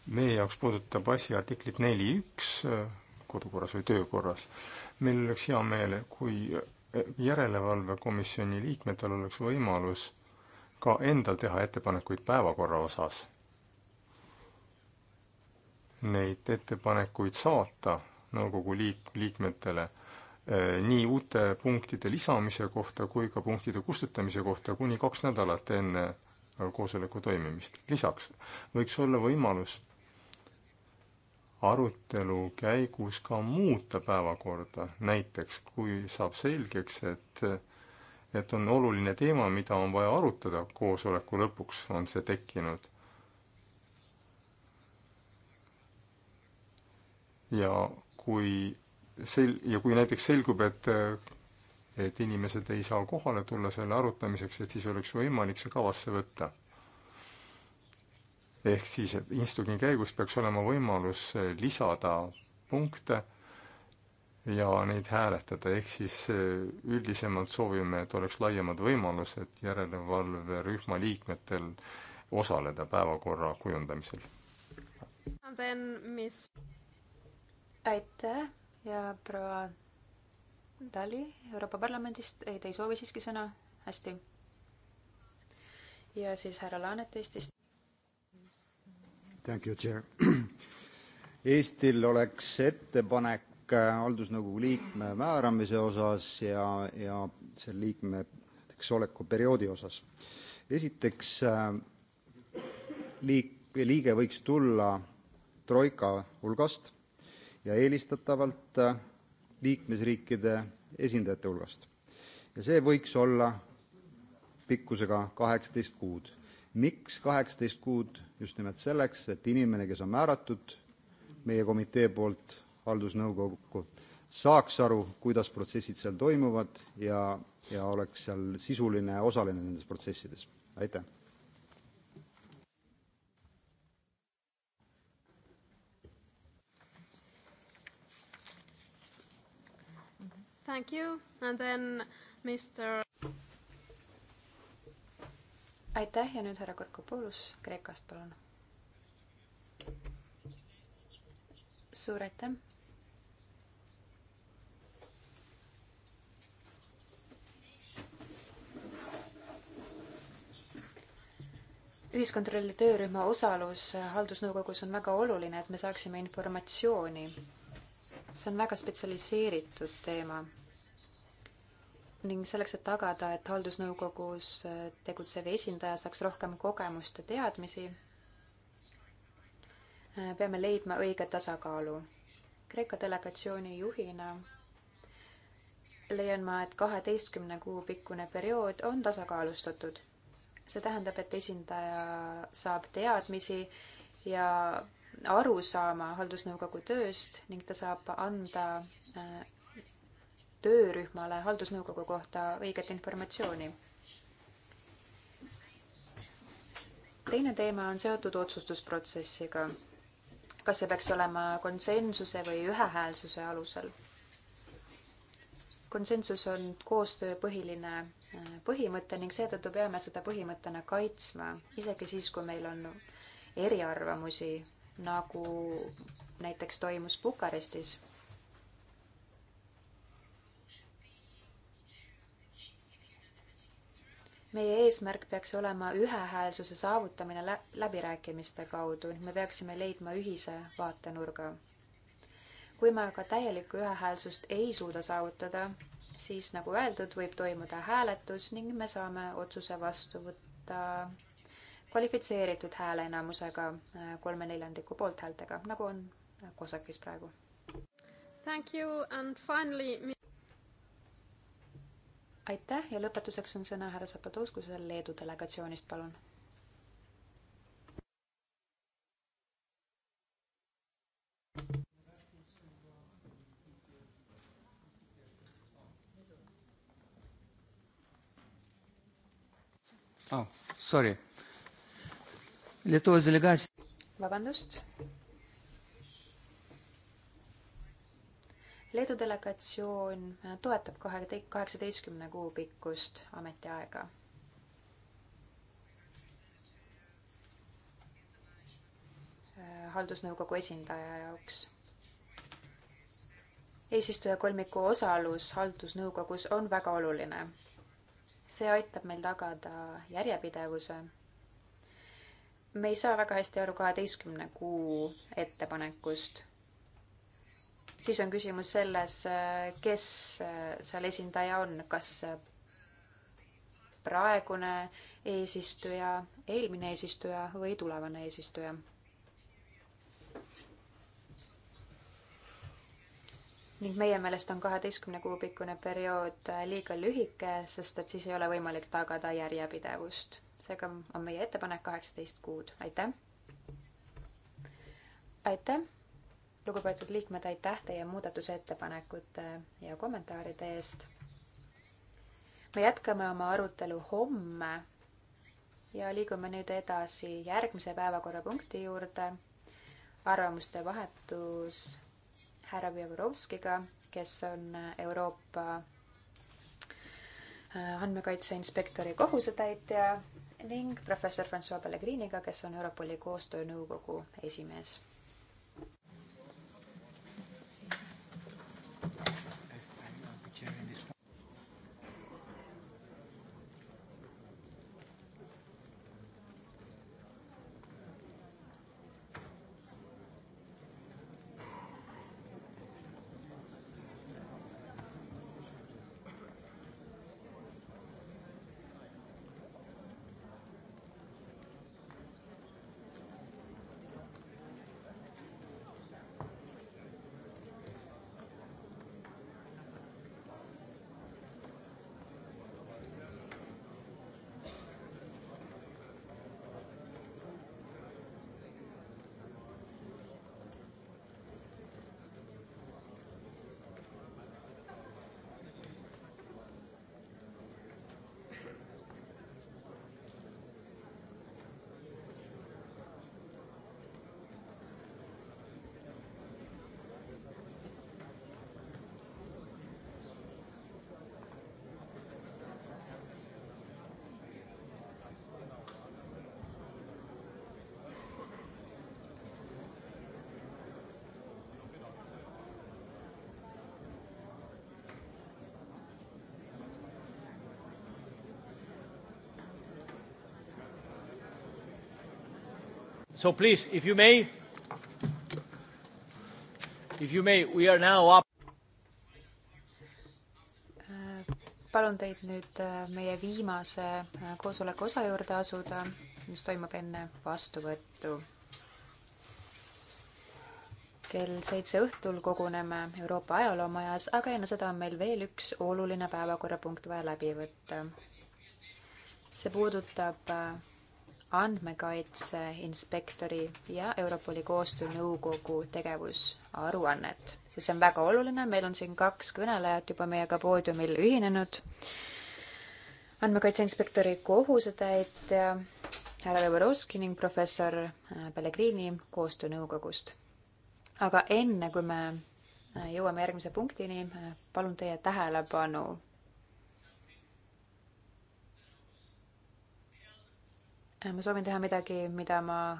meie jaoks puudutab asi artiklit neli üks äh, kodukorras või töökorras. meil oleks hea meel, kui äh, järelevalvekomisjoni liikmetel oleks võimalus ka endal teha ettepanekuid päevakorra osas. Neid ettepanekuid saata nõukogu liik-, liikmetele eh, nii uute punktide lisamise kohta kui ka punktide kustutamise kohta kuni kaks nädalat enne eh, koosoleku toimimist. lisaks võiks olla võimalus arutelu käigus ka muuta päevakorda, näiteks kui saab selgeks, et eh, et on oluline teema, mida on vaja arutada koosoleku lõpuks, on see tekkinud. ja kui sel-, ja kui näiteks selgub, et et inimesed ei saa kohale tulla selle arutamiseks, et siis oleks võimalik see kavasse võtta. ehk siis, et instugi käigus peaks olema võimalus lisada punkte ja neid hääletada, ehk siis äh, üldisemalt soovime, et oleks laiemad võimalused järelevalverühma liikmetel osaleda päevakorra kujundamisel. mis? aitäh ja proua Dali Euroopa Parlamendist, ei, te ei soovi siiski sõna? hästi. ja siis härra Laanet Eestist. Thank you, chair. Eestil oleks ettepanek Äh, haldusnõukogu liikme määramise osas ja, ja selle liikmeks oleku perioodi osas. esiteks äh, liik-, liige võiks tulla troika hulgast ja eelistatavalt äh, liikmesriikide esindajate hulgast ja see võiks olla pikkusega kaheksateist kuud. miks kaheksateist kuud? just nimelt selleks, et inimene, kes on määratud meie komitee poolt haldusnõukokku, saaks aru, kuidas protsessid seal toimuvad ja, ja oleks seal sisuline osaline nendes protsessides. aitäh! Thank you and then Mr. aitäh ja nüüd härra Korkopoulos Kreekast, palun. suur aitäh ühiskontrolli töörühma osalus haldusnõukogus on väga oluline, et me saaksime informatsiooni. see on väga spetsialiseeritud teema. ning selleks, et tagada, et haldusnõukogus tegutsev esindaja saaks rohkem kogemust ja teadmisi, peame leidma õige tasakaalu. Kreeka delegatsiooni juhina leian ma, et kaheteistkümne kuu pikkune periood on tasakaalustatud see tähendab, et esindaja saab teadmisi ja aru saama haldusnõukogu tööst ning ta saab anda äh, töörühmale haldusnõukogu kohta õiget informatsiooni. teine teema on seotud otsustusprotsessiga. kas see peaks olema konsensuse või ühehäälsuse alusel? konsensus on koostöö põhiline äh, põhimõte ning seetõttu peame seda põhimõttena kaitsma, isegi siis, kui meil on eriarvamusi, nagu näiteks toimus Bukarestis. meie eesmärk peaks olema ühehäälsuse saavutamine läbirääkimiste kaudu, me peaksime leidma ühise vaatenurga kui me aga täielikku ühehäälsust ei suuda saavutada, siis nagu öeldud, võib toimuda hääletus ning me saame otsuse vastu võtta kvalifitseeritud hääleenamusega äh, kolme neljandiku poolthäältega, nagu on äh, Kosakis praegu. Thank you and finally aitäh ja lõpetuseks on sõna härra Zapadovskusel Leedu delegatsioonist, palun oh,. Sorry. Lietuvos delegatsioon. vabandust. Leedu delegatsioon toetab kahe, kaheksateistkümne kuu pikkust ametiaega haldusnõukogu esindaja jaoks. eesistuja kolmiku osalus haldusnõukogus on väga oluline see aitab meil tagada järjepidevuse. me ei saa väga hästi aru kaheteistkümne kuu ettepanekust. siis on küsimus selles, kes seal esindaja on, kas praegune eesistuja, eelmine eesistuja või tulevane eesistuja ning meie meelest on kaheteistkümne kuu pikkune periood äh, liiga lühike, sest et siis ei ole võimalik tagada järjepidevust. seega on meie ettepanek kaheksateist kuud, aitäh. aitäh, lugupeetud liikmed, aitäh teie muudatusettepanekute ja kommentaaride eest. me jätkame oma arutelu homme ja liigume nüüd edasi järgmise päevakorrapunkti juurde. arvamuste vahetus härra Vjevorovskiga, kes on Euroopa äh, andmekaitse inspektori kohusetäitja ning professor Francois Pellegriniga, kes on Europoli koostöönõukogu esimees So please, if you may, if you may, we are now up. palun teid nüüd äh, meie viimase äh, koosoleku osa juurde asuda, mis toimub enne vastuvõttu. kell seitse õhtul koguneme Euroopa ajaloomajas, aga enne seda on meil veel üks oluline päevakorrapunkt vaja läbi võtta. see puudutab äh, andmekaitse inspektori ja Europoli koostöönõukogu tegevusaruannet, sest see on väga oluline, meil on siin kaks kõnelejat juba meiega poodiumil ühinenud. andmekaitse inspektori kohusetäitja härra Levorovski ning professor äh, Pellegrini koostöönõukogust. aga enne, kui me äh, jõuame järgmise punktini, äh, palun teie tähelepanu ma soovin teha midagi, mida ma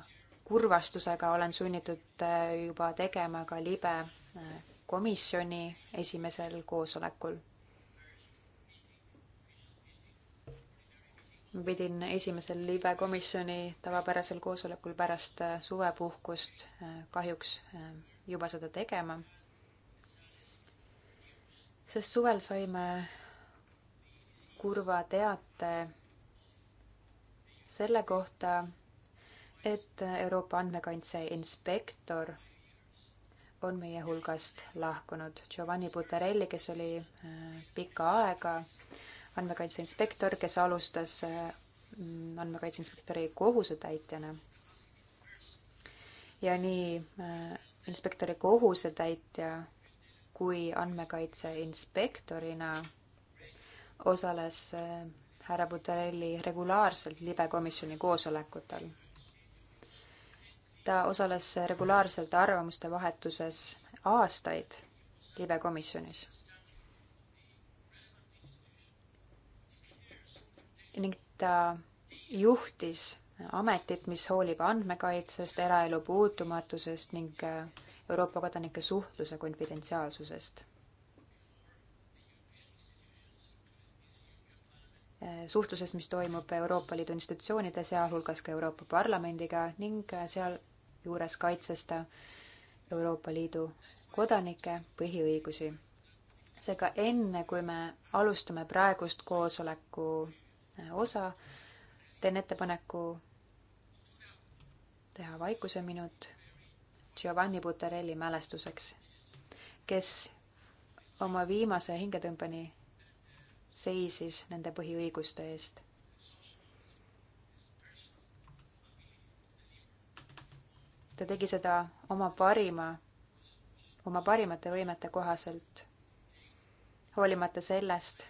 kurvastusega olen sunnitud äh, juba tegema ka libe äh, komisjoni esimesel koosolekul. ma pidin esimesel libe komisjoni tavapärasel koosolekul pärast äh, suvepuhkust kahjuks juba seda tegema. sest suvel saime kurva teate selle kohta, et Euroopa andmekaitse inspektor on meie hulgast lahkunud. Giovanni Butarelli, kes oli äh, pikka aega andmekaitse inspektor, kes alustas äh, andmekaitse inspektori kohusetäitjana. ja nii äh, inspektori kohusetäitja kui andmekaitse inspektorina osales härra Butarelli regulaarselt libekomisjoni koosolekutel. ta osales regulaarselt arvamuste vahetuses aastaid libekomisjonis. ning ta juhtis ametit, mis hoolib andmekaitsest, eraelu puutumatusest ning Euroopa kodanike suhtluse konfidentsiaalsusest suhtlusest, mis toimub Euroopa Liidu institutsioonide, sealhulgas ka Euroopa Parlamendiga ning sealjuures kaitses ta Euroopa Liidu kodanike põhiõigusi. seega enne, kui me alustame praegust koosoleku äh, osa, teen ettepaneku teha vaikuseminut Giovanni Butarelli mälestuseks, kes oma viimase hingetõmbeni seisis nende põhiõiguste eest. ta tegi seda oma parima, oma parimate võimete kohaselt, hoolimata sellest,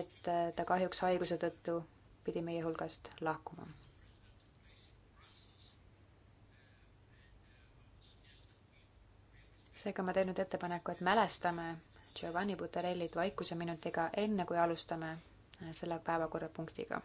et äh, ta kahjuks haiguse tõttu pidi meie hulgast lahkuma. seega ma teen nüüd ettepaneku, et mälestame Giovanni Butarellit vaikuse minutiga, enne kui alustame selle päevakorrapunktiga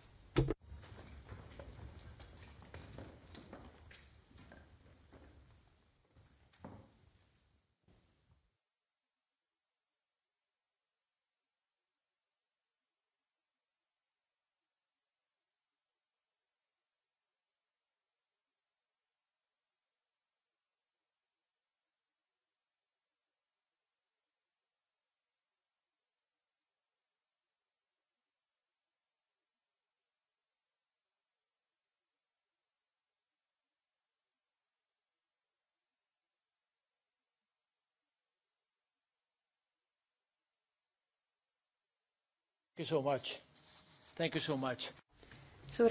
suur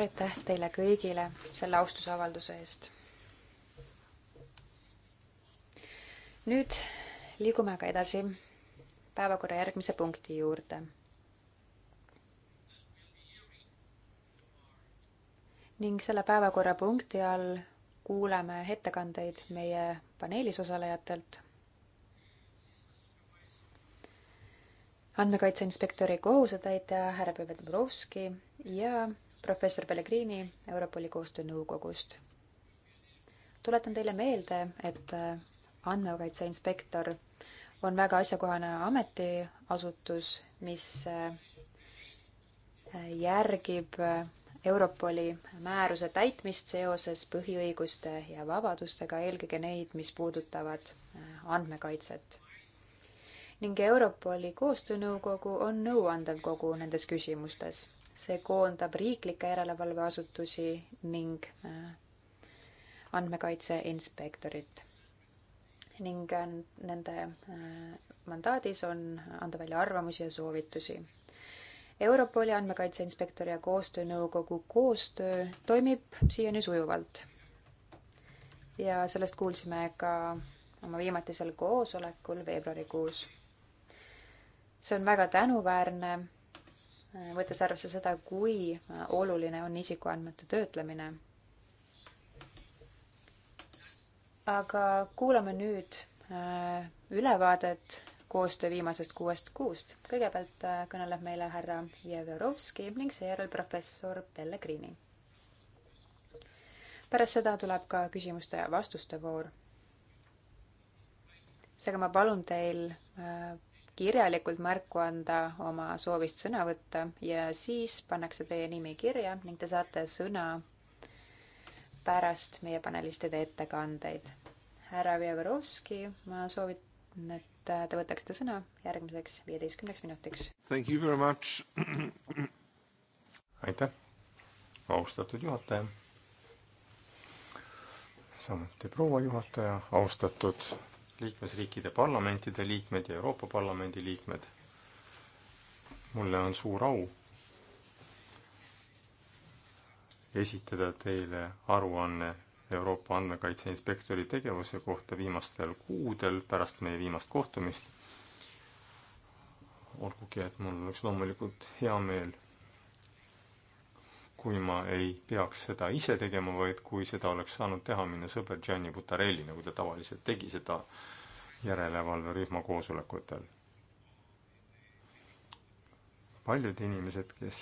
aitäh teile kõigile selle austusavalduse eest. nüüd liigume aga edasi päevakorra järgmise punkti juurde. ning selle päevakorrapunkti all kuuleme ettekandeid meie paneelis osalejatelt andmekaitse inspektori kohusetäitja härra Pevdobrovski ja professor Pellegrini Europoli koostöönõukogust. tuletan teile meelde, et andmekaitse inspektor on väga asjakohane ametiasutus, mis äh, järgib Europoli määruse täitmist seoses põhiõiguste ja vabadustega, eelkõige neid, mis puudutavad äh, andmekaitset ning Europoli koostöönõukogu on nõuandev kogu nendes küsimustes. see koondab riiklikke järelevalveasutusi ning äh, andmekaitse inspektorit. ning äh, nende äh, mandaadis on anda välja arvamusi ja soovitusi. Europoli andmekaitse inspektori ja koostöönõukogu koostöö toimib siiani sujuvalt. ja sellest kuulsime ka oma viimatisel koosolekul veebruarikuus see on väga tänuväärne, võttes arvesse seda, kui oluline on isikuandmete töötlemine. aga kuulame nüüd äh, ülevaadet koostöö viimasest kuuest kuust. kõigepealt äh, kõneleb meile härra Jevjorovski ning seejärel professor Pellegrini. pärast seda tuleb ka küsimuste ja vastuste voor. seega ma palun teil äh, kirjalikult märku anda oma soovist sõna võtta ja siis pannakse teie nimi kirja ning te saate sõna pärast meie panelistide ettekandeid. härra Vjevorovski, ma soovitan, et te võtaksite sõna järgmiseks viieteistkümneks minutiks. aitäh, austatud juhataja. samuti proua juhataja, austatud liikmesriikide parlamentide liikmed ja Euroopa Parlamendi liikmed. mulle on suur au esitada teile aruanne Euroopa Andmekaitse Inspektori tegevuse kohta viimastel kuudel pärast meie viimast kohtumist. olgugi, et mul oleks loomulikult hea meel kui ma ei peaks seda ise tegema, vaid kui seda oleks saanud teha minu sõber Gianni Butarelli, nagu ta tavaliselt tegi seda järelevalverühma koosolekutel. paljud inimesed, kes,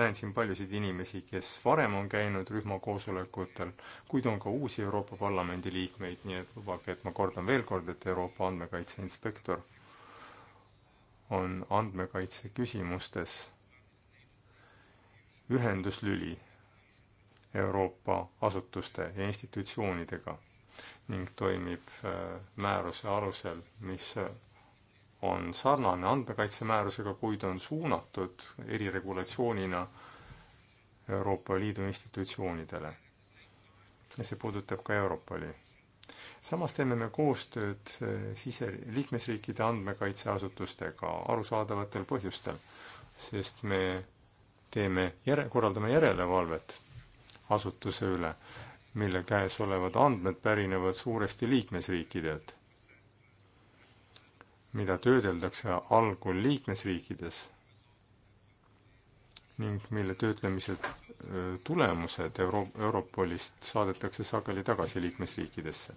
näen siin paljusid inimesi, kes varem on käinud rühma koosolekutel, kuid on ka uusi Euroopa Parlamendi liikmeid, nii et lubage, et ma kordan veel kord, et Euroopa andmekaitse inspektor on andmekaitse küsimustes ühenduslüli Euroopa asutuste ja institutsioonidega ning toimib äh, määruse alusel, mis äh, on sarnane andmekaitsemäärusega, kuid on suunatud eriregulatsioonina Euroopa Liidu institutsioonidele. ja see puudutab ka Europoli. samas teeme me koostööd äh, sise, liikmesriikide andmekaitseasutustega arusaadavatel põhjustel, sest me teeme järe, korraldame järelevalvet asutuse üle, mille käes olevad andmed pärinevad suuresti liikmesriikidelt, mida töödeldakse algul liikmesriikides ning mille töötlemise tulemused Euro-, Europolist saadetakse sageli tagasi liikmesriikidesse.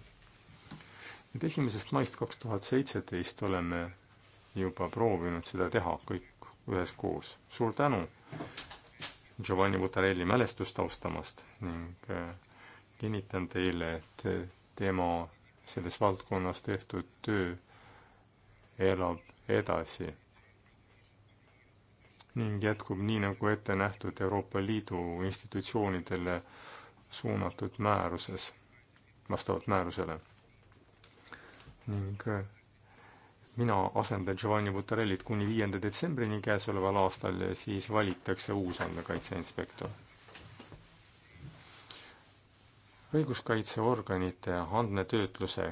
et esimesest maist kaks tuhat seitseteist oleme juba proovinud seda teha kõik üheskoos. suur tänu Giovanni Butarelli mälestust austamast ning äh, kinnitan teile, et äh, tema selles valdkonnas tehtud töö elab edasi ning jätkub nii, nagu ette nähtud Euroopa Liidu institutsioonidele suunatud määruses, vastavalt määrusele. ning äh, mina asendan Giovanni Butarellit kuni viienda detsembrini käesoleval aastal ja siis valitakse uus andmekaitseinspektor. õiguskaitseorganite andmetöötluse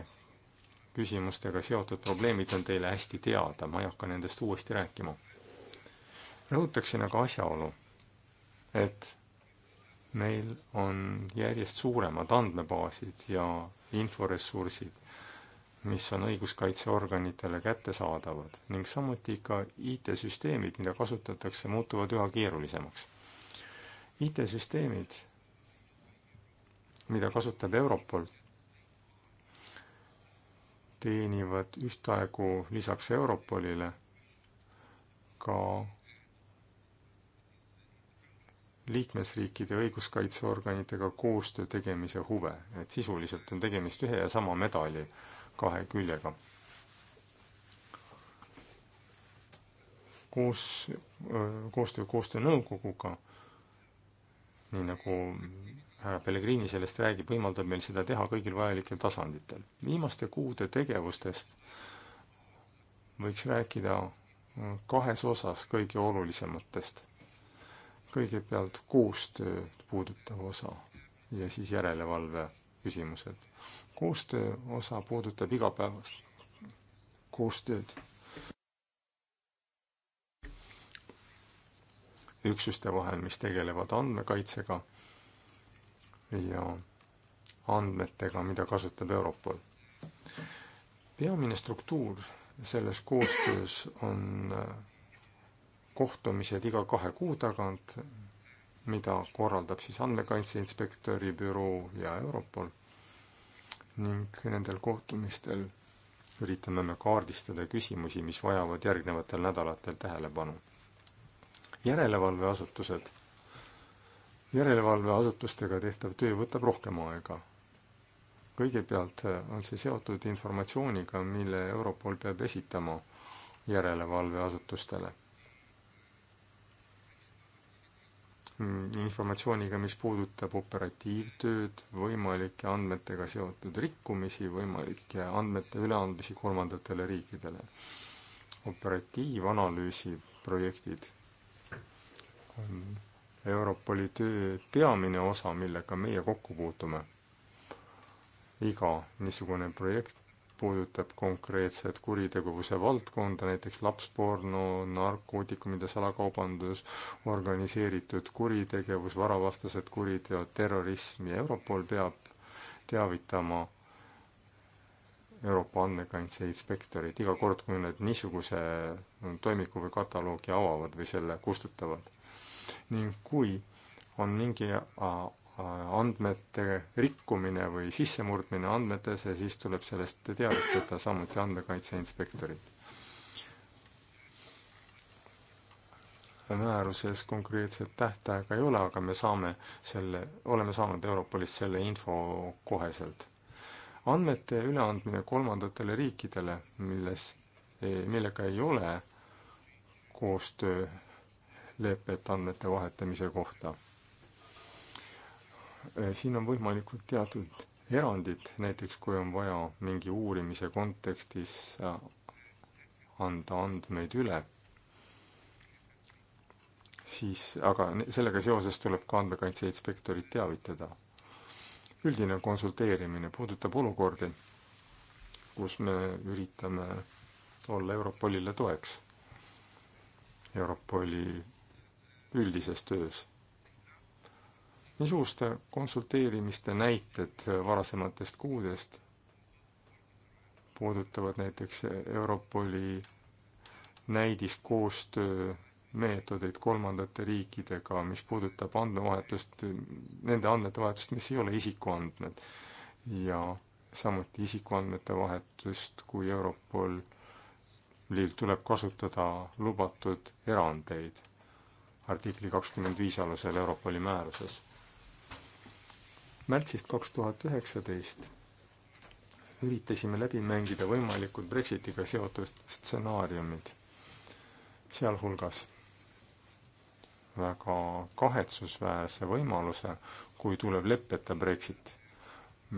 küsimustega seotud probleemid on teile hästi teada, ma ei hakka nendest uuesti rääkima. rõhutaksin aga asjaolu, et meil on järjest suuremad andmebaasid ja inforessursid mis on õiguskaitseorganitele kättesaadavad ning samuti ka IT-süsteemid, mida kasutatakse, muutuvad üha keerulisemaks. IT-süsteemid, mida kasutab Europol, teenivad ühtaegu lisaks Europolile ka liikmesriikide õiguskaitseorganitega koostöö tegemise huve, et sisuliselt on tegemist ühe ja sama medali äh, kahe küljega. koos, koostöö, koostöö nõukoguga, nii nagu härra Pellegrini sellest räägib, võimaldab meil seda teha kõigil vajalikel tasanditel. viimaste kuude tegevustest võiks rääkida kahes osas kõige olulisematest. kõigepealt koostööd puudutav osa ja siis järelevalve küsimused koostöö osa puudutab igapäevast koostööd üksuste vahel, mis tegelevad andmekaitsega ja andmetega, mida kasutab Europol. peamine struktuur selles koostöös on äh, kohtumised iga kahe kuu tagant, mida korraldab siis andmekaitse inspektori büroo ja Europol ning nendel kohtumistel üritame me kaardistada küsimusi, mis vajavad järgnevatel nädalatel tähelepanu. järelevalveasutused, järelevalveasutustega tehtav töö võtab rohkem aega. kõigepealt äh, on see seotud informatsiooniga, mille Europol peab esitama järelevalveasutustele Mm, informatsiooniga, mis puudutab operatiivtööd, võimalike andmetega seotud rikkumisi, võimalikke andmete üleandmisi kolmandatele riikidele. operatiivanalüüsi projektid on Europoli töö peamine osa, millega meie kokku puutume. iga niisugune projekt puudutab konkreetset kuritegevuse valdkonda, näiteks lapsporno, narkootikumide salakaubandus, organiseeritud kuritegevus, varavastased kuriteod, terrorism ja Europol peab teavitama Euroopa andmekaitse inspektorid iga kord, kui nad niisuguse toimiku või kataloogi avavad või selle kustutavad. ning kui on mingi andmete rikkumine või sissemurdmine andmetesse, siis tuleb sellest teavitada samuti andmekaitse inspektorit. määruses konkreetset tähtaega ei ole, aga me saame selle, oleme saanud Europolist selle info koheselt. andmete üleandmine kolmandatele riikidele, milles, millega ei ole koostöölepet andmete vahetamise kohta Eh, siin on võimalikud teatud erandid, näiteks kui on vaja mingi uurimise kontekstis eh, anda andmeid üle, siis, aga sellega seoses tuleb ka andmekaitse inspektorit teavitada. üldine konsulteerimine puudutab olukordi, kus me üritame olla Europolile toeks Europoli üldises töös niisuguste konsulteerimiste näited varasematest kuudest puudutavad näiteks Europoli näidiskoostöö meetodeid kolmandate riikidega, mis puudutab andmevahetust, nende andmete vahetust, mis ei ole isikuandmed ja samuti isikuandmete vahetust, kui Europolil tuleb kasutada lubatud erandeid artikli kakskümmend viis alusel Europoli määruses märtsist kaks tuhat üheksateist üritasime läbi mängida võimalikud Brexitiga seotud stsenaariumid, sealhulgas väga kahetsusväärse võimaluse, kui tuleb leppeta Brexit,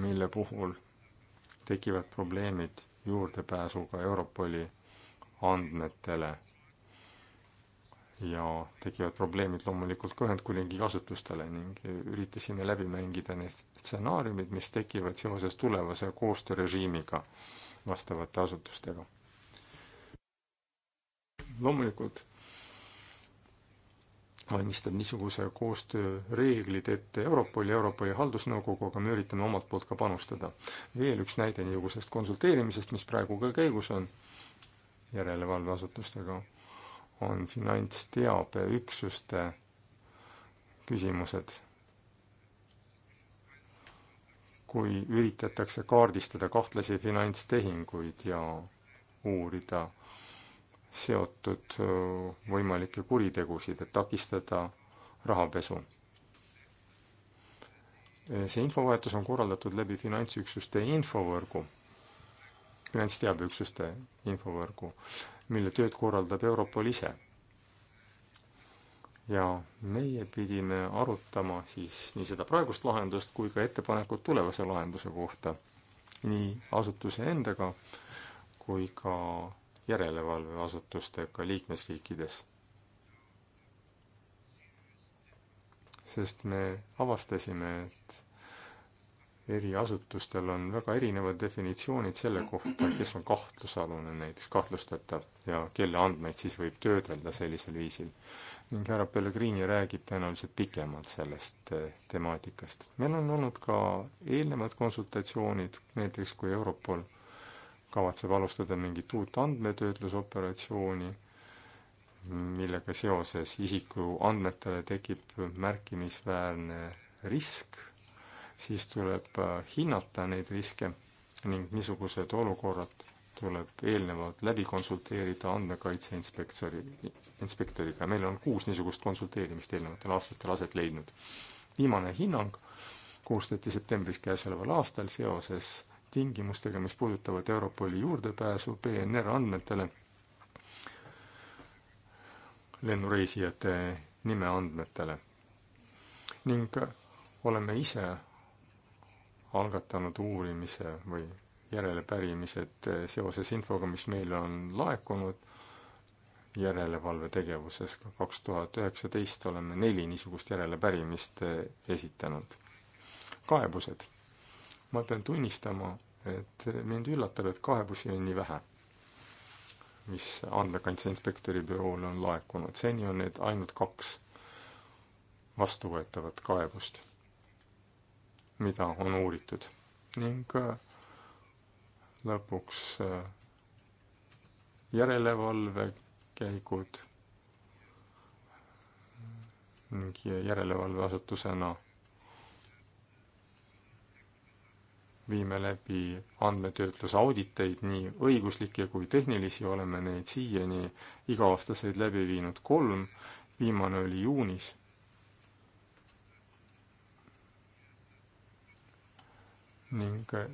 mille puhul tekivad probleemid juurdepääsuga Europoli andmetele ja tekivad probleemid loomulikult ka Ühendkuningi asutustele ning üritasime läbi mängida need stsenaariumid, mis tekivad seoses tulevase koostöörežiimiga vastavate asutustega. loomulikult valmistab niisuguse koostöö reeglid ette Europoli, Europoli haldusnõukoguga, me üritame omalt poolt ka panustada. veel üks näide niisugusest konsulteerimisest, mis praegu ka käigus on järelevalveasutustega on finantsteabeüksuste küsimused. kui üritatakse kaardistada kahtlasi finantstehinguid ja uurida seotud võimalikke kuritegusid, et takistada rahapesu. E, see infovahetus on korraldatud läbi finantsüksuste infovõrgu finantsteabeüksuste infovõrgu, mille tööd korraldab Europol ise. ja meie pidime arutama siis nii seda praegust lahendust kui ka ettepanekut tulevase lahenduse kohta, nii asutuse endaga kui ka järelevalveasutustega liikmesriikides. sest me avastasime, et eri asutustel on väga erinevad definitsioonid selle kohta, kes on kahtlusalune näiteks, kahtlustatav ja kelle andmeid siis võib töödelda sellisel viisil. ning härra Pellegrini räägib tõenäoliselt pikemalt sellest eh, temaatikast. meil on olnud ka eelnevad konsultatsioonid, näiteks kui Europol kavatseb alustada mingit uut andmetöötlusoperatsiooni, millega seoses isiku andmetele tekib märkimisväärne risk siis tuleb äh, hinnata neid riske ning niisugused olukorrad tuleb eelnevalt läbi konsulteerida Andmekaitse Inspektori, inspektoriga. meil on kuus niisugust konsulteerimist eelnevatel aastatel aset leidnud. viimane hinnang koostati septembris käesoleval aastal seoses tingimustega, mis puudutavad Europoli juurdepääsu PNR andmetele, lennureisijate nimeandmetele ning oleme ise algatanud uurimise või järelepärimised eh, seoses infoga, mis meile on laekunud järelevalvetegevuses. kaks tuhat üheksateist oleme neli niisugust järelepärimist eh, esitanud. kaebused. ma pean tunnistama, et mind üllatab, et kaebusi on nii vähe, mis Andmekaitse Inspektori büroole on laekunud. seni on neid ainult kaks vastuvõetavat kaebust mida on uuritud ning äh, lõpuks äh, järelevalve käigud ning järelevalveasutusena viime läbi andmetöötlusauditeid, nii õiguslikke kui tehnilisi, oleme neid siiani iga-aastaseid läbi viinud kolm, viimane oli juunis ning äh,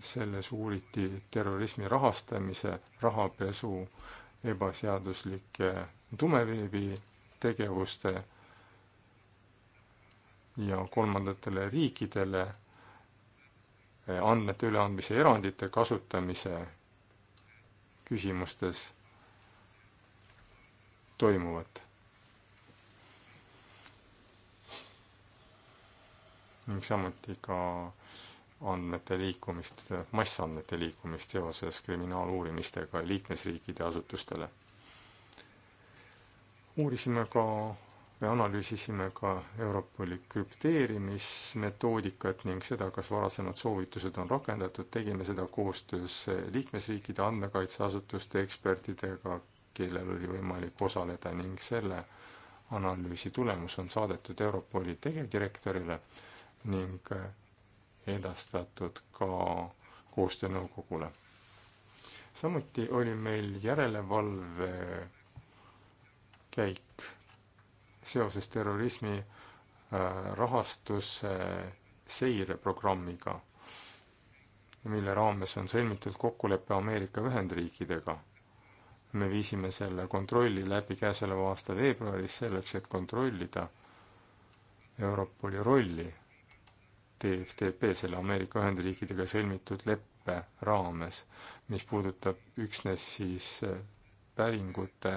selles uuriti terrorismi rahastamise, rahapesu, ebaseaduslike tumeveebi tegevuste ja kolmandatele riikidele äh, andmete üleandmise erandite kasutamise küsimustes toimuvat. ning samuti ka andmete liikumist, massandmete liikumist seoses kriminaaluurimistega liikmesriikide asutustele. uurisime ka me analüüsisime ka Europoli krüpteerimismetoodikat ning seda, kas varasemad soovitused on rakendatud, tegime seda koostöös liikmesriikide andmekaitseasutuste ekspertidega, kellel oli võimalik osaleda ning selle analüüsi tulemus on saadetud Europoli tegevdirektorile ning edastatud ka koostöönõukogule. samuti oli meil järelevalve käik seoses terrorismi äh, rahastuse seireprogrammiga, mille raames on sõlmitud kokkulepe Ameerika Ühendriikidega. me viisime selle kontrolli läbi käesoleva aasta veebruaris selleks, et kontrollida Europoli rolli TFTP, selle Ameerika Ühendriikidega sõlmitud leppe raames, mis puudutab üksnes siis äh, päringute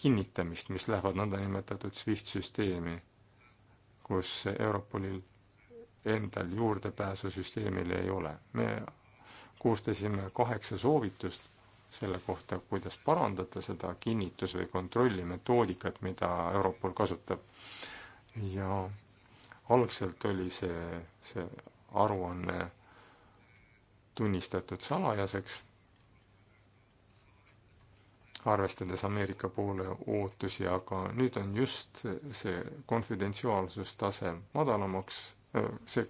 kinnitamist, mis lähevad nõndanimetatud SWIFT-süsteemi, kus Europolil endal juurdepääsu süsteemile ei ole. me koostasime kaheksa soovitust selle kohta, kuidas parandada seda kinnitus- või kontrollimetoodikat, mida Europol kasutab. ja algselt oli see, see aruanne tunnistatud salajaseks, arvestades Ameerika poole ootusi, aga nüüd on just see konfidentsiaalsustase madalamaks, see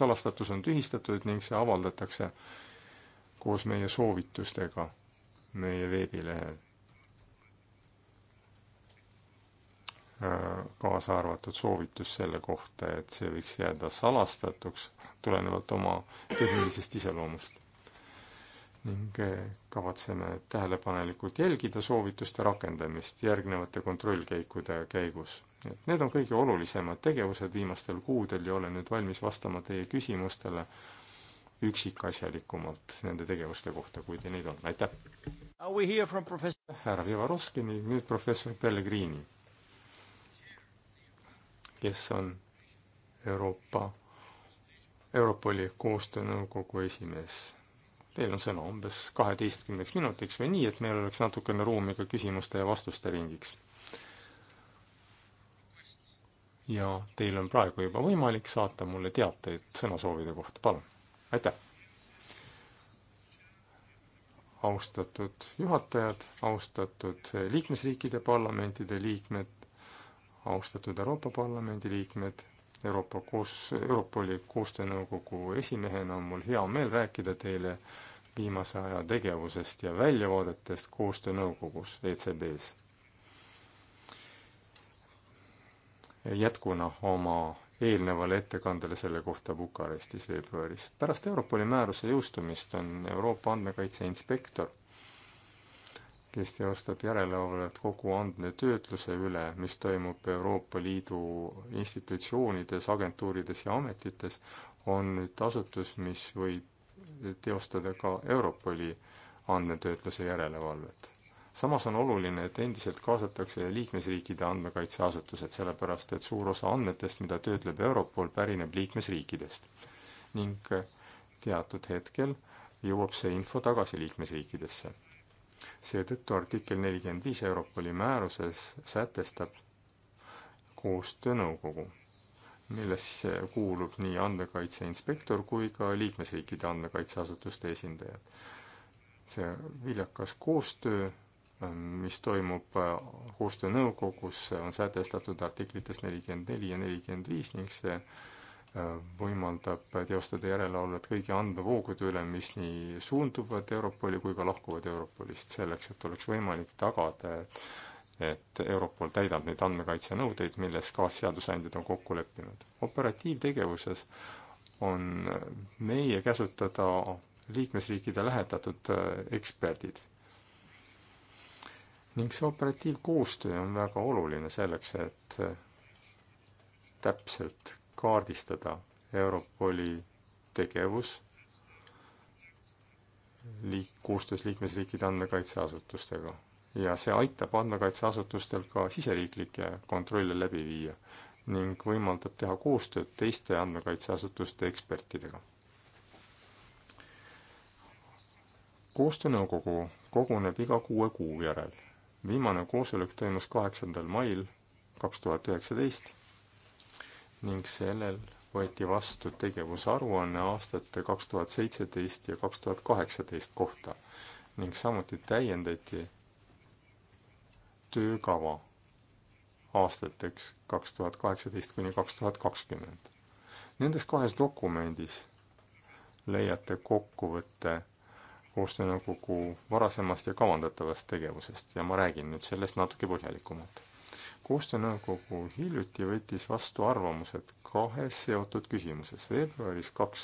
salastatus on tühistatud ning see avaldatakse koos meie soovitustega meie veebilehel Äh, kaasa arvatud soovitus selle kohta, et see võiks jääda salastatuks tulenevalt oma tehnilisest iseloomust. ning äh, kavatseme tähelepanelikult jälgida soovituste rakendamist järgnevate kontrollkäikude käigus. et need on kõige olulisemad tegevused viimastel kuudel ja olen nüüd valmis vastama teie küsimustele üksikasjalikumalt nende tegevuste kohta, kui te neid on, aitäh! härra Vivarovski ning nüüd professor Pellegrini kes on Euroopa, Europoli koostöönõukogu esimees. Teil on sõna umbes kaheteistkümneks minutiks või nii, et meil oleks natukene ruumi ka küsimuste ja vastuste ringiks. ja teil on praegu juba võimalik saata mulle teateid sõnasoovide kohta, palun, aitäh! austatud juhatajad, austatud liikmesriikide parlamentide liikmed, austatud Euroopa Parlamendi liikmed, Euroopa koos, Europoli koostöönõukogu esimehena on mul hea meel rääkida teile viimase aja tegevusest ja väljavaadetest koostöönõukogus ECB-s. jätkuna oma eelnevale ettekandele selle kohta Bukarestis veebruaris. pärast Europoli määruse jõustumist on Euroopa andmekaitse inspektor kes teostab järelevalvet kogu andmetöötluse üle, mis toimub Euroopa Liidu institutsioonides, agentuurides ja ametites, on nüüd asutus, mis võib teostada ka Europoli andmetöötluse järelevalvet. samas on oluline, et endiselt kaasatakse liikmesriikide andmekaitseasutused, sellepärast et suur osa andmetest, mida töötleb Europol, pärineb liikmesriikidest. ning teatud hetkel jõuab see info tagasi liikmesriikidesse seetõttu artikkel nelikümmend viis Europoli määruses sätestab koostöönõukogu, millesse kuulub nii andmekaitse inspektor kui ka liikmesriikide andmekaitseasutuste esindajad. see viljakas koostöö, mis toimub koostöönõukogus, on sätestatud artiklites nelikümmend neli ja nelikümmend viis ning see võimaldab teostada järelevalvet kõigi andmevoogude üle, mis nii suunduvad Europoli kui ka lahkuvad Europolist, selleks et oleks võimalik tagada, et Europol täidab neid andmekaitsenõudeid, milles kaasseadusandjad on kokku leppinud. operatiivtegevuses on meie käsutada liikmesriikide lähetatud äh, eksperdid. ning see operatiivkoostöö on väga oluline selleks, et äh, täpselt kaardistada Europoli tegevus liik-, koostöös liikmesriikide andmekaitseasutustega. ja see aitab andmekaitseasutustel ka siseriiklikke kontrolle läbi viia ning võimaldab teha koostööd teiste andmekaitseasutuste ekspertidega. koostöönõukogu koguneb iga kuue kuu järel. viimane koosolek toimus kaheksandal mail kaks tuhat üheksateist ning sellel võeti vastu tegevusaruanne aastate kaks tuhat seitseteist ja kaks tuhat kaheksateist kohta ning samuti täiendati töökava aastateks kaks tuhat kaheksateist kuni kaks tuhat kakskümmend. Nendes kahes dokumendis leiate kokkuvõtte koostöönõukogu varasemast ja kavandatavast tegevusest ja ma räägin nüüd sellest natuke põhjalikumalt koostöönõukogu hiljuti võttis vastu arvamused kahes seotud küsimuses. veebruaris kaks,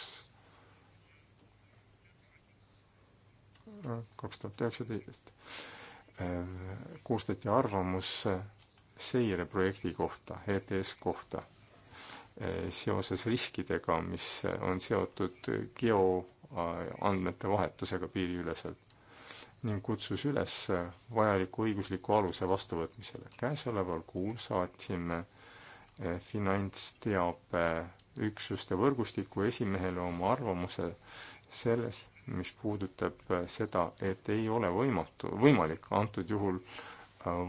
kaks tuhat üheksateist ähm, koostati arvamus seireprojekti kohta, ETS kohta, äh, seoses riskidega, mis on seotud geoandmete vahetusega piiriüleselt ning kutsus üles vajaliku õigusliku aluse vastuvõtmisele. käesoleval kuul saatsime eh, finantsteabeüksuste võrgustiku esimehele oma arvamuse selles, mis puudutab eh, seda, et ei ole võimatu, võimalik antud juhul eh,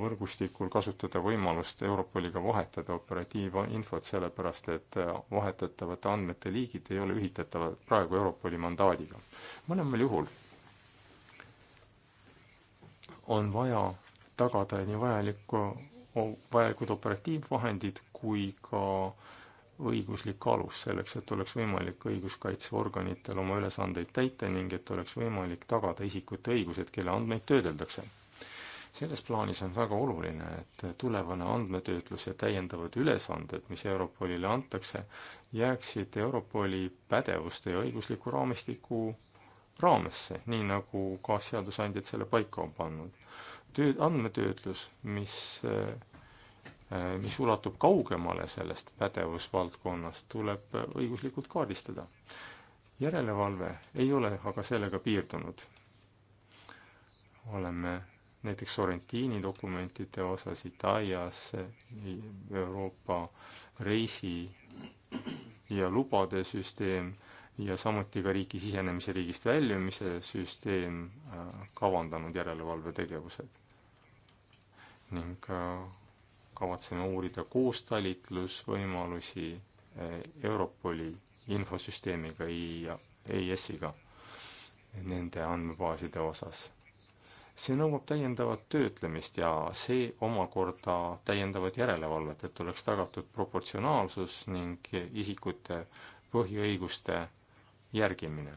võrgustikul kasutada võimalust Europoliga vahetada operatiivinfot, sellepärast et vahetatavate andmete liigid ei ole ühitatavad praegu Europoli mandaadiga. mõlemal juhul on vaja tagada nii vajalikku, vajalikud operatiivvahendid kui ka õiguslik alus selleks, et oleks võimalik õiguskaitseorganitel oma ülesandeid täita ning et oleks võimalik tagada isikute õigused, kelle andmeid töödeldakse. selles plaanis on väga oluline, et tulevane andmetöötlus ja täiendavad ülesanded, mis Europolile antakse, jääksid Europoli pädevuste ja õigusliku raamistiku raamesse, nii nagu ka seadusandjad selle paika on pannud. töö, andmetöötlus, mis äh, äh, mis ulatub kaugemale sellest pädevusvaldkonnast, tuleb äh, õiguslikult kaardistada. järelevalve ei ole aga sellega piirdunud. oleme näiteks Sorrentiini dokumentide osas Itaalias Euroopa reisi ja lubade süsteem ja samuti ka riiki sisenemise, riigist väljumise süsteem äh, kavandanud järelevalvetegevused. ning äh, kavatseme uurida koostalitlusvõimalusi äh, Europoli infosüsteemiga, EIS-iga, nende andmebaaside osas. see nõuab täiendavat töötlemist ja see omakorda täiendavat järelevalvet, et oleks tagatud proportsionaalsus ning isikute põhiõiguste järgimine.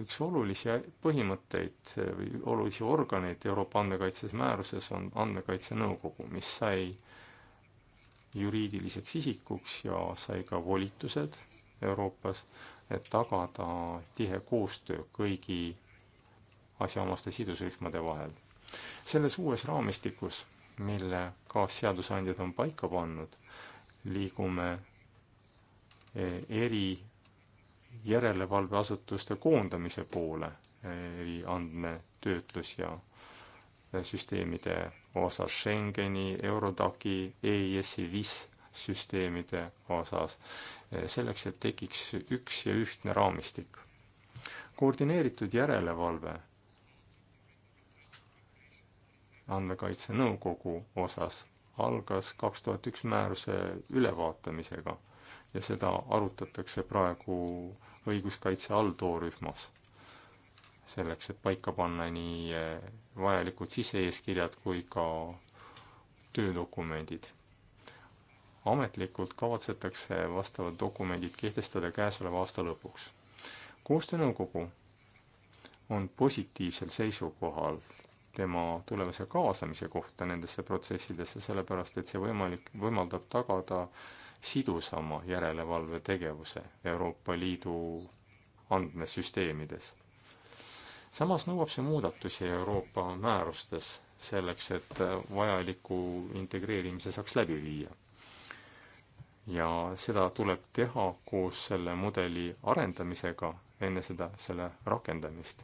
üks olulisi põhimõtteid või olulisi organeid Euroopa andmekaitses määruses on Andmekaitse Nõukogu, mis sai juriidiliseks isikuks ja sai ka volitused Euroopas, et tagada tihe koostöö kõigi asjaomaste sidusrühmade vahel. selles uues raamistikus mille kaasseadusandjad on paika pannud, liigume eh, eri järelevalveasutuste koondamise poole eri andmetöötlus ja äh, süsteemide osas, Schengeni, Eurodaki, EIS-i, VIS süsteemide osas, äh, selleks, et tekiks üks ja ühtne raamistik. koordineeritud järelevalve Andmekaitse Nõukogu osas algas kaks tuhat üks määruse ülevaatamisega ja seda arutatakse praegu õiguskaitse alltoorühmas. selleks, et paika panna nii eh, vajalikud sise-eeskirjad kui ka töödokumendid. ametlikult kavatsetakse vastavad dokumendid kehtestada käesoleva aasta lõpuks. koostöönõukogu on positiivsel seisukohal tema tulevase kaasamise kohta nendesse protsessidesse, sellepärast et see võimalik, võimaldab tagada äh, sidusama järelevalvetegevuse Euroopa Liidu andmesüsteemides. samas nõuab see muudatusi Euroopa määrustes selleks, et vajaliku integreerimise saaks läbi viia. ja seda tuleb teha koos selle mudeli arendamisega, enne seda selle rakendamist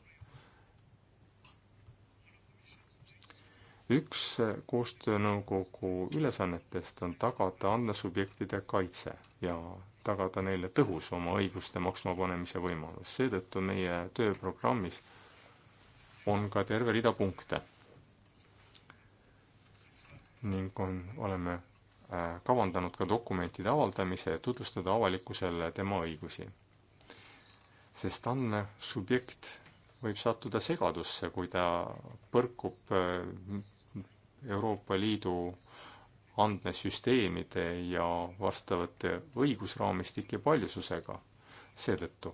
üks koostöönõukogu ülesannetest on tagada andmesubjektide kaitse ja tagada neile tõhus oma õiguste maksmapanemise võimalus. seetõttu meie tööprogrammis on ka terve rida punkte. ning on, oleme äh, kavandanud ka dokumentide avaldamise ja tutvustada avalikkusele tema õigusi. sest andmesubjekt võib sattuda segadusse, kui ta põrkub äh, Euroopa Liidu andmesüsteemide ja vastavate õigusraamistike paljususega. seetõttu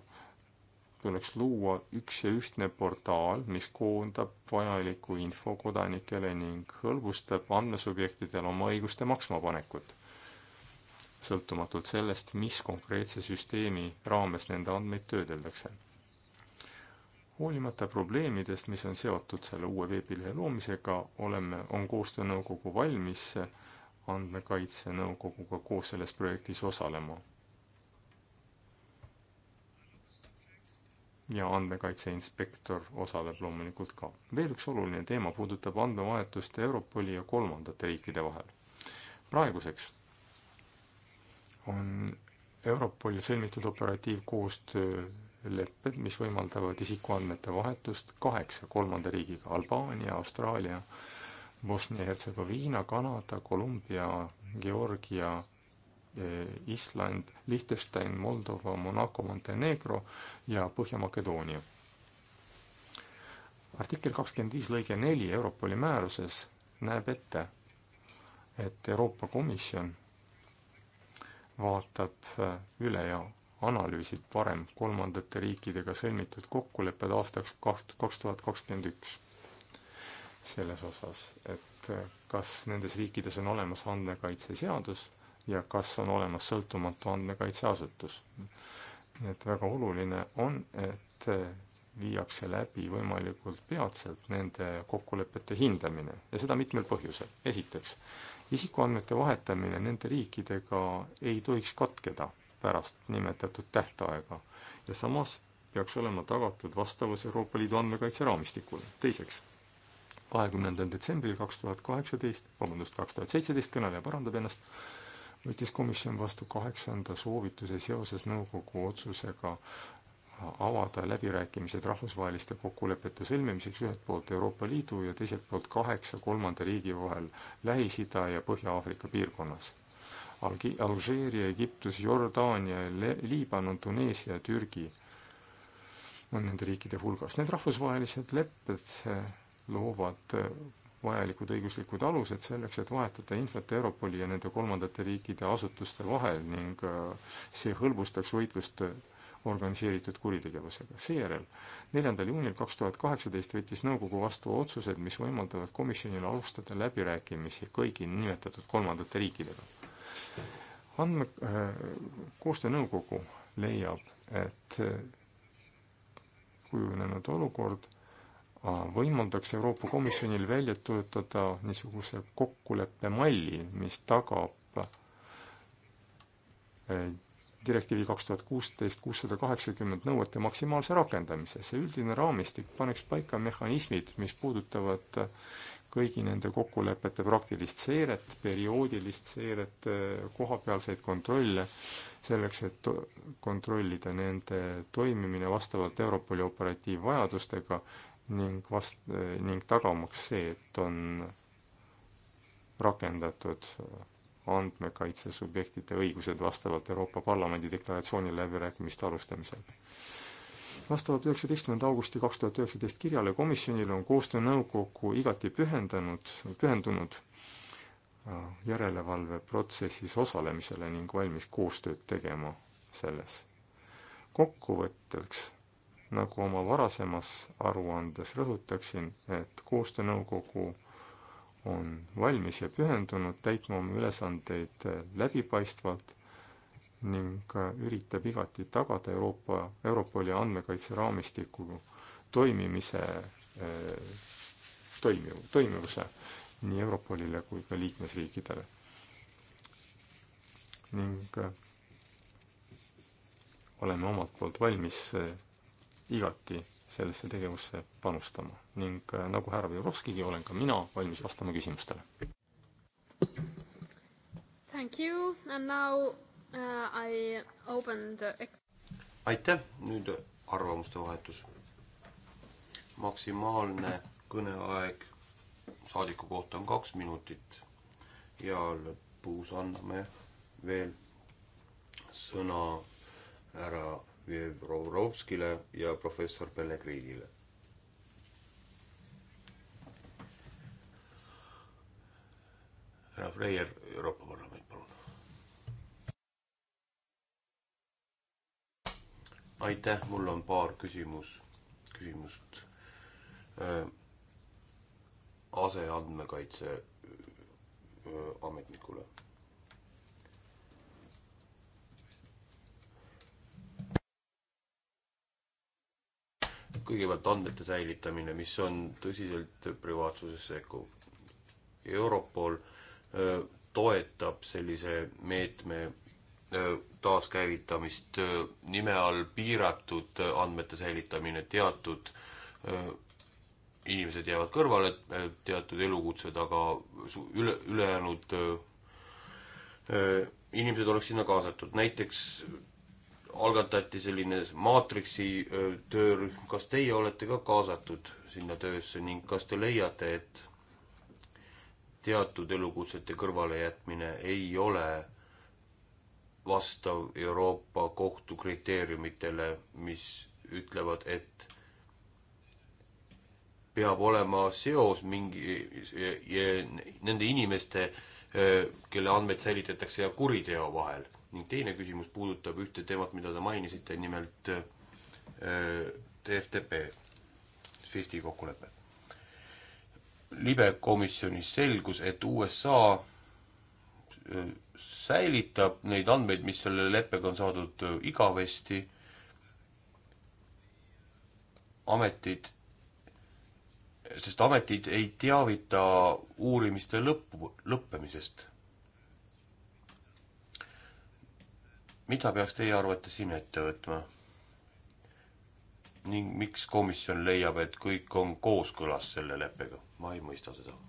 tuleks luua üks ja ühtne portaal, mis koondab vajaliku info kodanikele ning hõlbustab andmesubjektidel oma õiguste maksmapanekut, sõltumatult sellest, mis konkreetse süsteemi raames nende andmeid töödeldakse hoolimata probleemidest, mis on seotud selle uue veebilehe loomisega, oleme, on koostöönõukogu valmis andmekaitse nõukoguga koos selles projektis osalema. ja andmekaitse inspektor osaleb loomulikult ka. veel üks oluline teema puudutab andmevahetust Europoli ja kolmandate riikide vahel. praeguseks on Europolil sõlmitud operatiivkoostöö lepped, mis võimaldavad isikuandmete vahetust kaheksa kolmanda riigiga, Albaania, Austraalia, Bosnia-Hertsegoviina, Kanada, Kolumbia, Georgia, eh, Island, Liechtenstein, Moldova, Monaco, Montenegro ja Põhja-Makedoonia. artikkel kakskümmend viis lõige neli Europoli määruses näeb ette, et Euroopa Komisjon vaatab eh, üle ja analüüsib varem kolmandate riikidega sõlmitud kokkulepped aastaks kaks, kaks tuhat kakskümmend üks selles osas, et äh, kas nendes riikides on olemas andmekaitseseadus ja kas on olemas sõltumatu andmekaitseasutus. nii et väga oluline on, et äh, viiakse läbi võimalikult peatselt nende kokkulepete hindamine ja seda mitmel põhjusel. esiteks, isikuandmete vahetamine nende riikidega ei tohiks katkeda pärast nimetatud tähtaega ja samas peaks olema tagatud vastavus Euroopa Liidu andmekaitseraamistikule. teiseks, kahekümnendal detsembril kaks tuhat kaheksateist, vabandust, kaks tuhat seitseteist, kõneleja parandab ennast, võttis komisjon vastu kaheksanda soovituse seoses nõukogu otsusega avada läbirääkimised rahvusvaheliste kokkulepete sõlmimiseks ühelt poolt Euroopa Liidu ja teiselt poolt kaheksa kolmanda riigi vahel Lähis-Ida ja Põhja-Aafrika piirkonnas Algi-, Alžeeria, Egiptus, Jordaania, Liibanon, Tuneesia, Türgi on nende riikide hulgas. Need rahvusvahelised lepped eh, loovad eh, vajalikud õiguslikud alused selleks, et vahetada infot Europoli ja nende kolmandate riikide asutuste vahel ning eh, see hõlbustaks võitlust organiseeritud kuritegevusega. seejärel, neljandal juunil kaks tuhat kaheksateist võttis nõukogu vastu otsused, mis võimaldavad komisjonil alustada läbirääkimisi kõigi nimetatud kolmandate riikidega andme, äh, koostöönõukogu leiab, et äh, kujunenud olukord äh, võimaldaks Euroopa Komisjonil välja töötada niisuguse kokkuleppemalli, mis tagab direktiivi kaks tuhat kuusteist kuussada kaheksakümmend nõuete maksimaalse rakendamise. see üldine raamistik paneks paika mehhanismid, mis puudutavad kõigi nende kokkulepete praktilist seiret, perioodilist seiret, kohapealseid kontrolle, selleks, et kontrollida nende toimimine vastavalt Europoli operatiivvajadustega ning vast-, ning tagamaks see, et on rakendatud andmekaitse subjektide õigused vastavalt Euroopa Parlamendi deklaratsiooni läbirääkimiste alustamisel vastavalt üheksateistkümnenda augusti kaks tuhat üheksateist kirjale komisjonile on koostöönõukogu igati pühendanud, pühendunud äh, järelevalveprotsessis osalemisele ning valmis koostööd tegema selles. kokkuvõtteks, nagu oma varasemas aruandes rõhutaksin, et koostöönõukogu on valmis ja pühendunud täitma oma ülesandeid läbipaistvalt ning äh, üritab igati tagada Euroopa, Europoli andmekaitseraamistiku toimimise, äh, toimiv, toimivuse nii Europolile kui ka liikmesriikidele. ning äh, oleme omalt poolt valmis igati sellesse tegevusse panustama ning nagu härra Vjurovskigi, olen ka mina valmis vastama küsimustele. Thank you and now uh,. I opened the... aitäh, nüüd arvamuste vahetus. maksimaalne kõneaeg saadiku kohta on kaks minutit ja lõpus anname veel sõna härra Vjevrovskile ja professor Pellegrinile. härra Freier Euroopa Parlamendist. aitäh, mul on paar küsimus, küsimust äh,. aseandmekaitse äh, ametnikule. kõigepealt andmete säilitamine, mis on tõsiselt privaatsusesse sekkuv. Europol äh, toetab sellise meetme Äh, taaskäivitamist äh, nime all piiratud äh, andmete säilitamine, teatud inimesed jäävad kõrvale, teatud elukutsed, aga üle, ülejäänud inimesed oleks sinna kaasatud, näiteks algatati selline maatriksi töörühm, kas teie olete ka kaasatud sinna töösse ning kas te leiate, et teatud elukutsete kõrvalejätmine ei ole vastav Euroopa Kohtu kriteeriumitele, mis ütlevad, et peab olema seos mingi, nende inimeste, kelle andmeid säilitatakse, ja kuriteo vahel. ning teine küsimus puudutab ühte teemat, mida te mainisite, nimelt äh, TFTP, SWIFTi kokkulepe. libe komisjonis selgus, et USA säilitab neid andmeid, mis selle leppega on saadud äh, igavesti. ametid, sest ametid ei teavita uurimiste lõppu, lõppemisest. mida peaks teie arvates siin ette võtma? ning miks komisjon leiab, et kõik on kooskõlas selle leppega? ma ei mõista seda um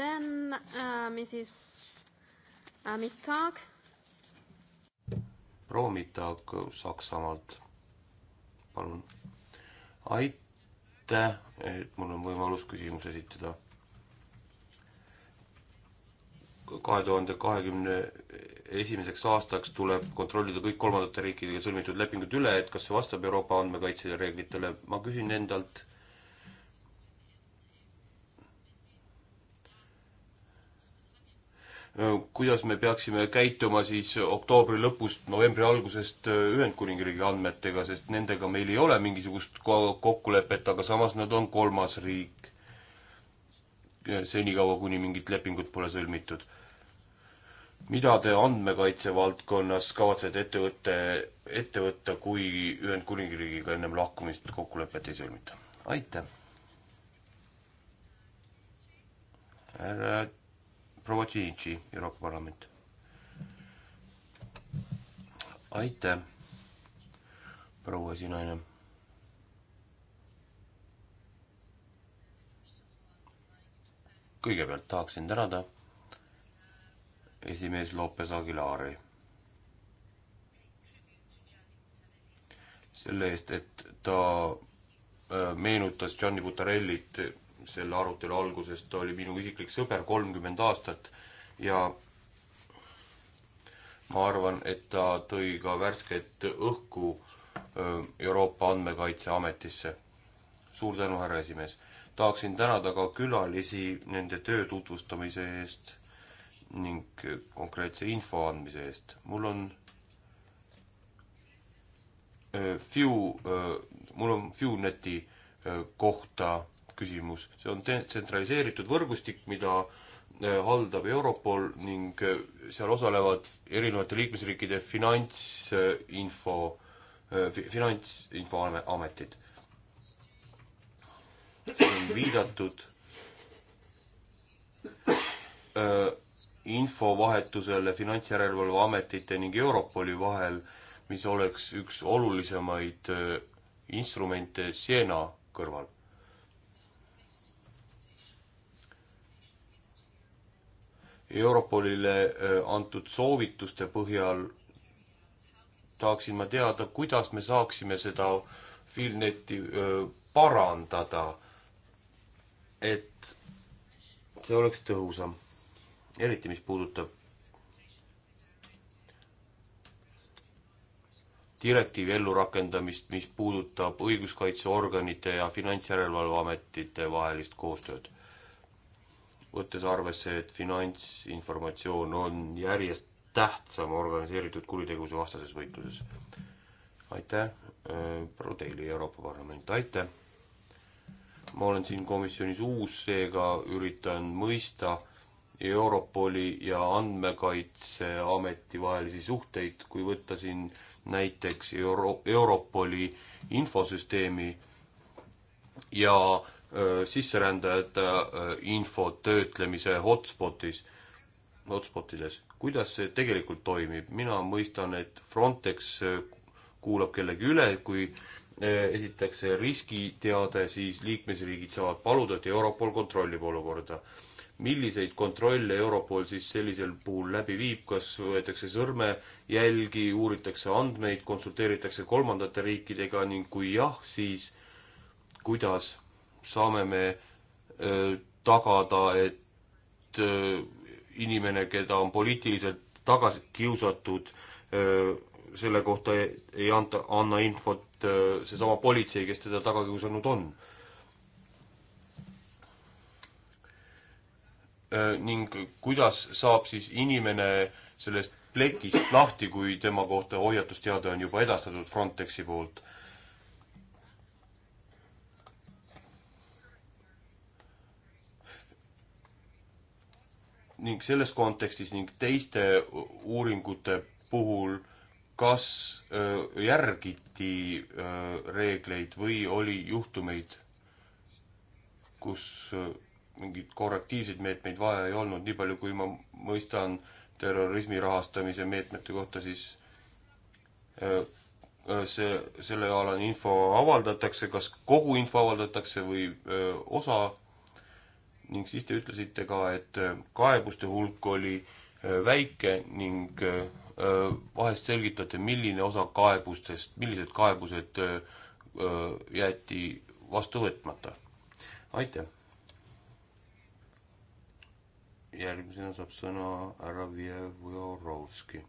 Then uh, Mrs. Uh, Mittag. proua Mittag äh, Saksamaalt, palun. aitäh, et mul on võimalus küsimus esitada. kahe tuhande kahekümne esimeseks aastaks tuleb kontrollida kõik kolmandate riikidega sõlmitud lepingud üle, et kas see vastab Euroopa andmekaitse reeglitele. ma küsin endalt Äh, kuidas me peaksime käituma siis oktoobri lõpust, novembri algusest äh, Ühendkuningriigi andmetega, sest nendega meil ei ole mingisugust kokkulepet, aga samas nad on kolmas riik. Äh, senikaua, kuni mingit lepingut pole sõlmitud. mida te andmekaitse valdkonnas kavatsete ette võtta, ette võtta, kui Ühendkuningriigiga ennem lahkumist kokkulepet ei sõlmita? aitäh! härra proua Tšinitši, Euroopa Parlament. aitäh, proua esinaine. kõigepealt tahaksin tänada esimees Lopez Aguilari selle eest, et ta äh, meenutas Gianni Butarellit selle arutelu alguses, ta oli minu isiklik sõber kolmkümmend aastat ja ma arvan, et ta tõi ka värsket õhku Euroopa Andmekaitseametisse. suur tänu, härra esimees. tahaksin tänada ka külalisi nende töö tutvustamise eest ning konkreetse info andmise eest. mul on Few, mul on FewNeti kohta küsimus, see on tsentraliseeritud võrgustik, mida äh, haldab Europol ning äh, seal osalevad erinevate liikmesriikide äh, finantsinfo, finantsinfoametid. on viidatud infovahetusele Finantsjärelevalveametite ning Europoli vahel, mis oleks üks olulisemaid instrumente Siena kõrval Europolile äh, antud soovituste põhjal tahaksin ma teada, kuidas me saaksime seda Filneti äh, parandada, et see oleks tõhusam. eriti, mis puudutab direktiivi ellurakendamist, mis puudutab õiguskaitseorganite ja Finantsjärelevalveametite vahelist koostööd võttes arvesse, et finantsinformatsioon on järjest tähtsam organiseeritud kuritegevuse vastases võitluses. aitäh, äh, proua Teili, Euroopa Parlament, aitäh! ma olen siin komisjonis uus, seega üritan mõista Europoli ja Andmekaitseameti vahelisi suhteid, kui võtta siin näiteks Euro-, Europoli infosüsteemi ja Äh, sisserändajate äh, info töötlemise hotspotis, hotspotides, kuidas see tegelikult toimib? mina mõistan, et Frontex äh, kuulab kellegi üle, kui esitatakse riskiteade, siis liikmesriigid saavad paluda, et Europol kontrollib olukorda. milliseid kontrolle Europol siis sellisel puhul läbi viib, kas võetakse sõrmejälgi, uuritakse andmeid, konsulteeritakse kolmandate riikidega ning kui jah, siis kuidas saame me tagada, et inimene, keda on poliitiliselt tagasi kiusatud, selle kohta ei anta, anna infot seesama politsei, kes teda taga kiusanud on. ning kuidas saab siis inimene sellest plekist lahti, kui tema kohta hoiatusteade on juba edastatud Frontexi poolt ning selles kontekstis ning teiste uuringute puhul, kas öö, järgiti öö, reegleid või oli juhtumeid, kus öö, mingeid korrektiivseid meetmeid vaja ei olnud, nii palju kui ma mõistan terrorismi rahastamise meetmete kohta, siis öö, see, sellealane info avaldatakse, kas kogu info avaldatakse või öö, osa ning siis te ütlesite ka, et äh, kaebuste hulk oli äh, väike ning äh, vahest selgitate, milline osa kaebustest, millised kaebused jäeti vastu võtmata. aitäh! järgmisena saab sõna härra Vjevjorovski.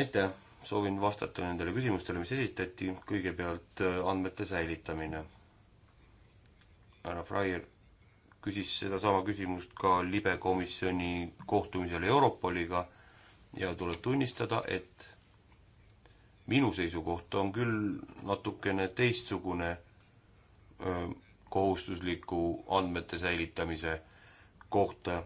aitäh, soovin vastata nendele küsimustele, mis esitati, kõigepealt andmete säilitamine härra Freier küsis sedasama küsimust ka libe komisjoni kohtumisel Europoliga ja tuleb tunnistada, et minu seisukoht on küll natukene teistsugune öö, kohustusliku andmete säilitamise kohta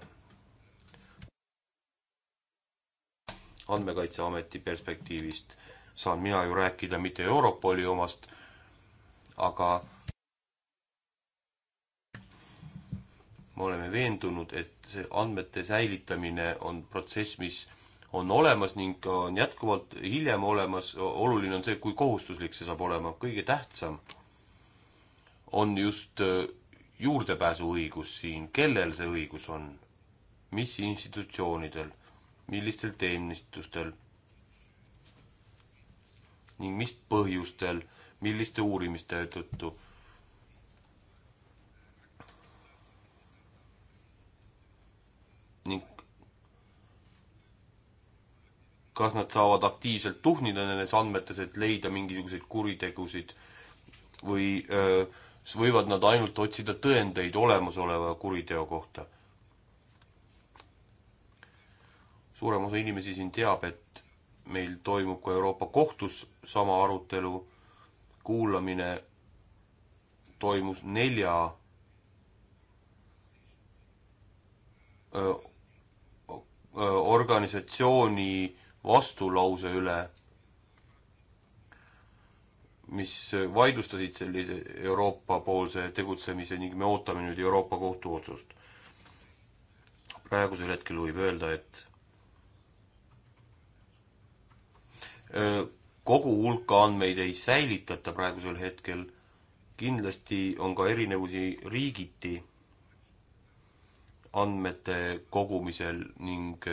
Andmekaitseameti perspektiivist saan mina ju rääkida mitte Europoli omast, aga me oleme veendunud, et see andmete säilitamine on protsess, mis on olemas ning on jätkuvalt hiljem olemas, oluline on see, kui kohustuslik see saab olema, kõige tähtsam on just äh, juurdepääsuõigus siin, kellel see õigus on, mis institutsioonidel, millistel teenistustel ning mis põhjustel, milliste uurimiste tõttu kas nad saavad aktiivselt tuhnida nendes andmetes, et leida mingisuguseid kuritegusid või öö, siis võivad nad ainult otsida tõendeid olemasoleva kuriteo kohta. suurem osa inimesi siin teab, et meil toimub ka Euroopa Kohtus sama arutelu, kuulamine toimus nelja öö, öö, organisatsiooni vastulause üle, mis vaidlustasid sellise Euroopa-poolse tegutsemise ning me ootame nüüd Euroopa Kohtu otsust. praegusel hetkel võib öelda, et kogu hulka andmeid ei säilitata praegusel hetkel, kindlasti on ka erinevusi riigiti andmete kogumisel ning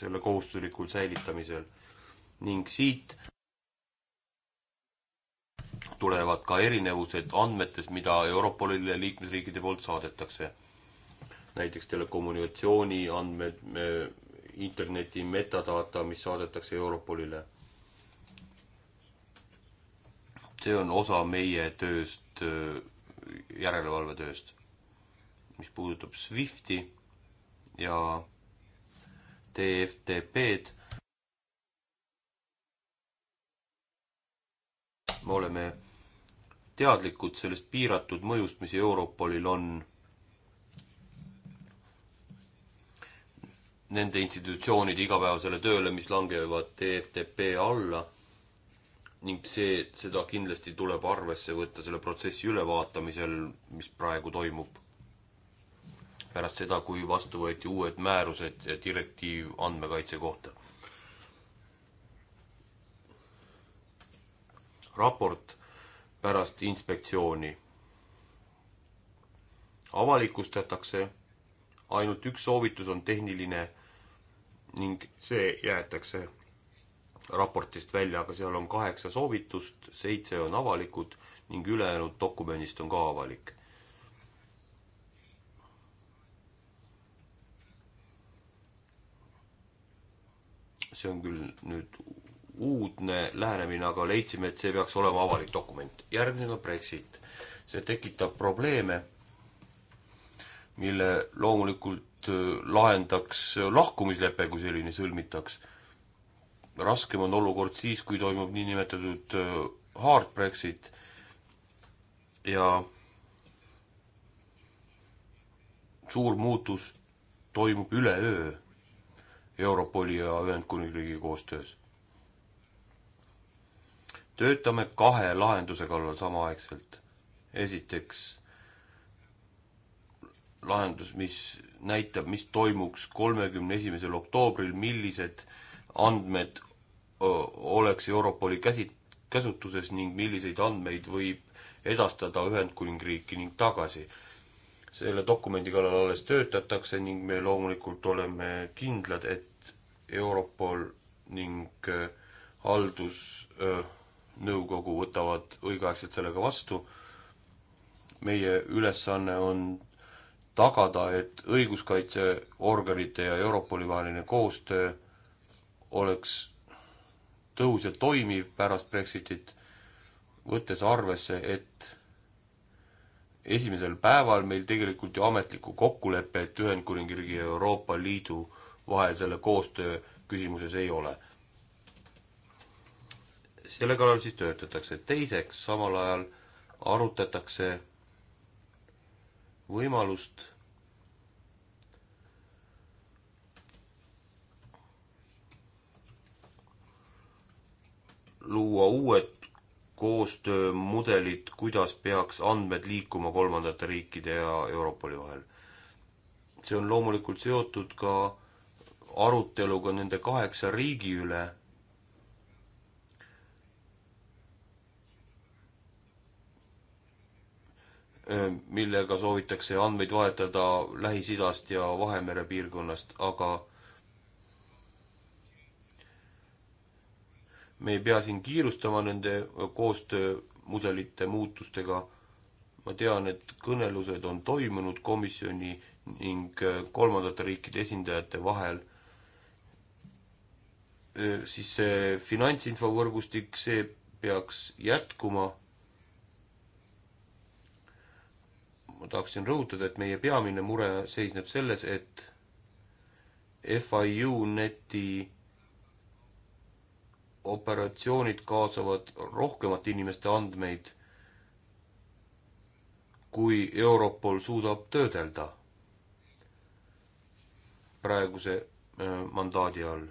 selle kohustuslikul säilitamisel ning siit tulevad ka erinevused andmetes, mida Europolile liikmesriikide poolt saadetakse. näiteks telekommunikatsiooni andmed, interneti metadata, mis saadetakse Europolile. see on osa meie tööst, järelevalvetööst. mis puudutab SWIFTi ja TFTP-d. me oleme teadlikud sellest piiratud mõjust, mis Europolil on nende institutsioonide igapäevasele tööle, mis langevad TFTP alla ning see, seda kindlasti tuleb arvesse võtta selle protsessi ülevaatamisel, mis praegu toimub pärast seda, kui vastu võeti uued määrused ja direktiiv andmekaitse kohta. raport pärast inspektsiooni avalikustatakse, ainult üks soovitus on tehniline ning see jäetakse raportist välja, aga seal on kaheksa soovitust, seitse on avalikud ning ülejäänud dokumendist on ka avalik. see on küll nüüd uudne lähenemine, aga leidsime, et see peaks olema avalik dokument. järgmisena Brexit. see tekitab probleeme, mille loomulikult äh, lahendaks äh, lahkumislepe, kui selline sõlmitaks. raskem on olukord siis, kui toimub niinimetatud äh, hard Brexit ja suur muutus toimub üleöö Europoli ja Ühendkuningriigi koostöös. töötame kahe lahenduse kallal samaaegselt. esiteks lahendus, mis näitab, mis toimuks kolmekümne esimesel oktoobril, millised andmed oleks Europoli käsi, käsutuses ning milliseid andmeid võib edastada Ühendkuningriiki ning tagasi selle dokumendi kallal alles töötatakse ning me loomulikult oleme kindlad, et Europol ning äh, haldusnõukogu äh, võtavad õigeaegselt sellega vastu. meie ülesanne on tagada, et õiguskaitseorganite ja Europoli vaheline koostöö oleks tõhus ja toimiv pärast Brexitit, võttes arvesse, et esimesel päeval meil tegelikult ju ametlikku kokkulepet Ühendkuningriigi ja Euroopa Liidu vahel selle koostöö küsimuses ei ole. selle kallal siis töötatakse. teiseks, samal ajal arutatakse võimalust luua uued koostöömudelit, kuidas peaks andmed liikuma kolmandate riikide ja Europoli vahel. see on loomulikult seotud ka aruteluga nende kaheksa riigi üle, millega soovitakse andmeid vahetada Lähis-Idast ja Vahemere piirkonnast, aga me ei pea siin kiirustama nende koostöömudelite muutustega, ma tean, et kõnelused on toimunud komisjoni ning äh, kolmandate riikide esindajate vahel, äh, siis see finantsinfovõrgustik, see peaks jätkuma. ma tahaksin rõhutada, et meie peamine mure seisneb selles, et FIU neti operatsioonid kaasavad rohkemate inimeste andmeid, kui Europol suudab töödelda praeguse äh, mandaadi all.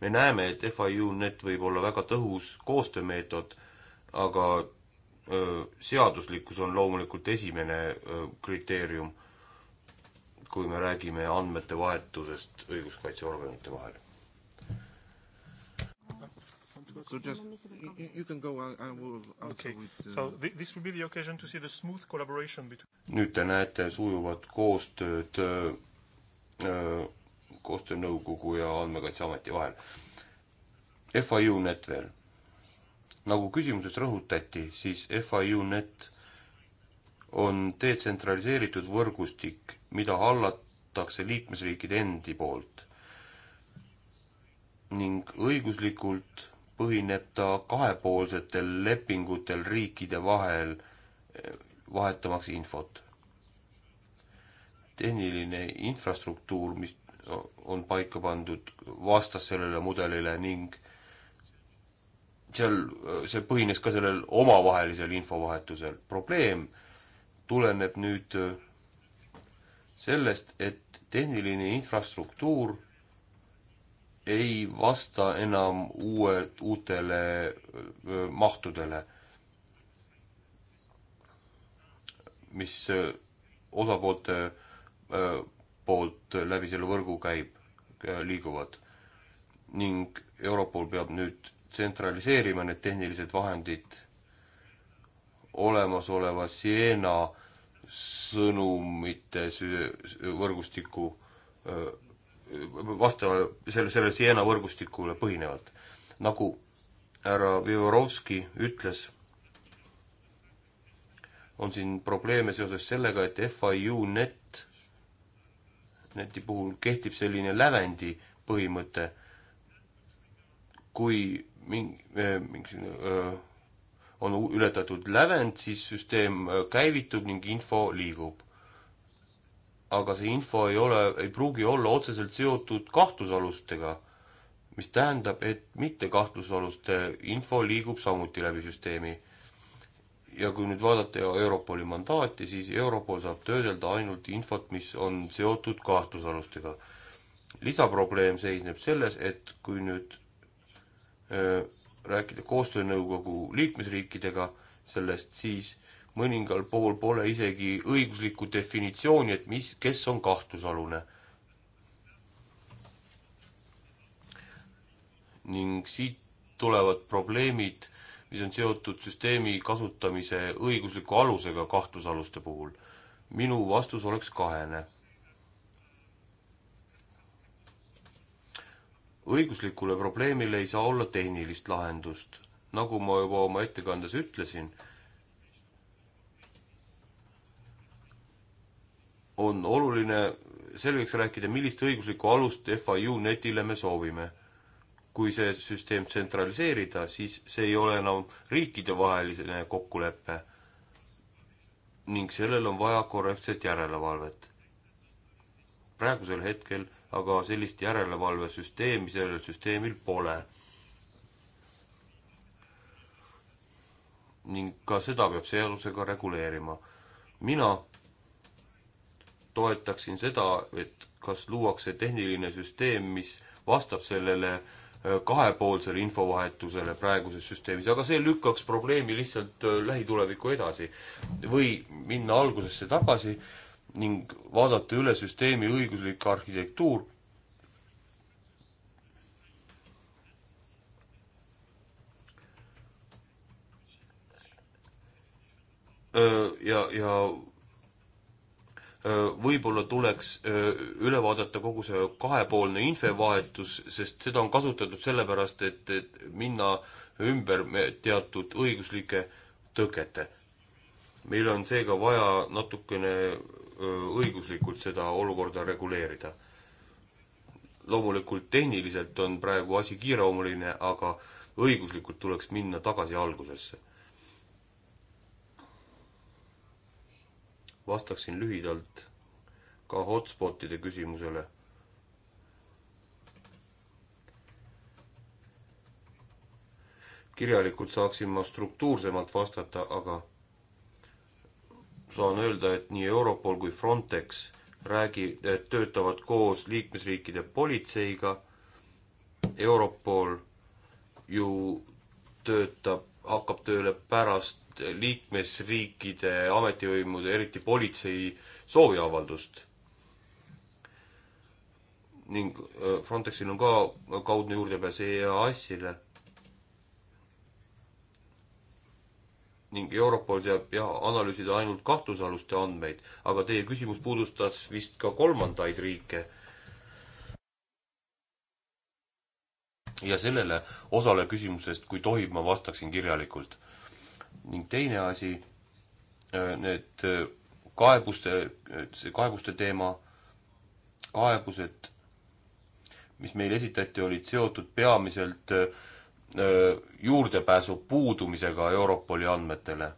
me näeme, et FIU-net võib olla väga tõhus koostöömeetod, aga äh, seaduslikkus on loomulikult esimene äh, kriteerium kui me räägime andmete vahetusest õiguskaitseorganite vahel. So just you, you can go and I will okay. with, uh... So th this will be the occasion to see the smooth collaboration between nüüd te näete sujuvat koostööd öö, äh, koostöönõukogu ja Andmekaitseameti vahel. FIU net veel. nagu küsimuses rõhutati, siis FIU net on detsentraliseeritud võrgustik mida hallatakse liikmesriikide endi poolt. ning õiguslikult põhineb ta kahepoolsetel lepingutel riikide vahel, eh, vahetamaks infot. tehniline infrastruktuur, mis on paika pandud, vastas sellele mudelile ning seal, see põhines ka sellel omavahelisel infovahetusel. probleem tuleneb nüüd sellest, et tehniline infrastruktuur ei vasta enam uue, uutele mahtudele, mis osapoolte poolt läbi selle võrgu käib, liiguvad. ning Europol peab nüüd tsentraliseerima need tehnilised vahendid olemasoleva Siena sõnumite võrgustiku vastava, selle, selle Siena võrgustikule põhinevalt. nagu härra Vjorovski ütles, on siin probleeme seoses sellega, et FIU net, neti puhul kehtib selline lävendi põhimõte, kui mingi, mingisugune on ületatud lävend, siis süsteem äh, käivitub ning info liigub. aga see info ei ole, ei pruugi olla otseselt seotud kahtlusalustega, mis tähendab, et mitte kahtlusaluste info liigub samuti läbi süsteemi. ja kui nüüd vaadata Europoli mandaati, siis Europol saab töödelda ainult infot, mis on seotud kahtlusalustega. lisaprobleem seisneb selles, et kui nüüd öö, äh, rääkida koostöönõukogu liikmesriikidega sellest, siis mõningal pool pole isegi õiguslikku definitsiooni, et mis, kes on kahtlusalune. ning siit tulevad probleemid, mis on seotud süsteemi kasutamise õigusliku alusega kahtlusaluste puhul. minu vastus oleks kahene õiguslikule probleemile ei saa olla tehnilist lahendust. nagu ma juba oma ettekandes ütlesin, on oluline selgeks rääkida, millist õiguslikku alust FIU netile me soovime. kui see süsteem tsentraliseerida, siis see ei ole enam riikidevaheline kokkulepe ning sellel on vaja korrektset järelevalvet. praegusel hetkel aga sellist järelevalvesüsteemi sellel süsteemil pole. ning ka seda peab seadusega reguleerima. mina toetaksin seda, et kas luuakse tehniline süsteem, mis vastab sellele äh, kahepoolsele infovahetusele praeguses süsteemis, aga see lükkaks probleemi lihtsalt äh, lähitulevikku edasi. või minna algusesse tagasi äh, ning vaadata üle süsteemi õiguslik arhitektuur. ja, ja võib-olla tuleks üle vaadata kogu see kahepoolne infovahetus, sest seda on kasutatud sellepärast, et, et minna ümber teatud õiguslike tõkete. meil on seega vaja natukene õiguslikult seda olukorda reguleerida. loomulikult tehniliselt on praegu asi kiireloomuline, aga õiguslikult tuleks minna tagasi algusesse. vastaksin lühidalt ka hotspotide küsimusele kirjalikult saaksin ma struktuursemalt vastata, aga saan öelda, et nii Europol kui Frontex räägi-, töötavad koos liikmesriikide politseiga, Europol ju töötab, hakkab tööle pärast liikmesriikide ametivõimude, eriti politsei sooviavaldust. ning äh, Frontexil on ka kaudne juurdepääs EAS-ile ning Europol teab jah, analüüsida ainult kahtlusaluste andmeid, aga teie küsimus puudustas vist ka kolmandaid riike. ja sellele osale küsimusest, kui tohib, ma vastaksin kirjalikult. ning teine asi, äh, need äh, kaebuste, see kaebuste teema, kaebused, mis meile esitati, olid seotud peamiselt äh, juurdepääsu puudumisega Europoli andmetele.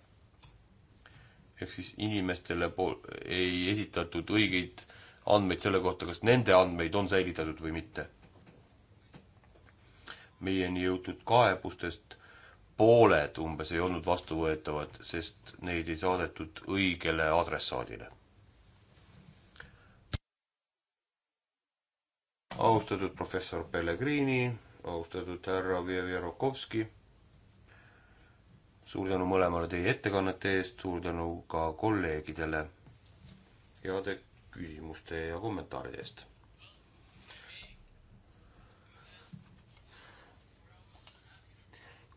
ehk siis inimestele pool, ei esitatud õigeid andmeid selle kohta, kas nende andmeid on säilitatud või mitte. meieni jõutud kaebustest pooled umbes ei olnud vastuvõetavad, sest neid ei saadetud õigele adressaadile. austatud professor Pellegrini austatud härra Vjevjerokovski. suur tänu mõlemale teie ettekannete eest, suur tänu ka kolleegidele heade küsimuste ja kommentaaride eest.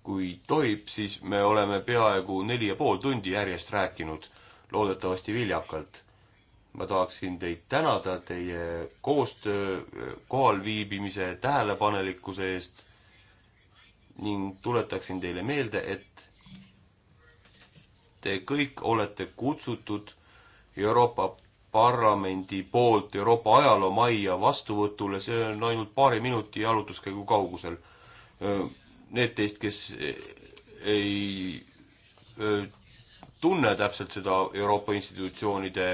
kui tohib, siis me oleme peaaegu neli ja pool tundi järjest rääkinud, loodetavasti viljakalt ma tahaksin teid tänada teie koostöö, kohalviibimise, tähelepanelikkuse eest ning tuletaksin teile meelde, et te kõik olete kutsutud Euroopa Parlamendi poolt Euroopa ajaloomajja vastuvõtule, see on ainult paari minuti jalutuskäigu kaugusel. Need teist, kes ei tunne täpselt seda Euroopa institutsioonide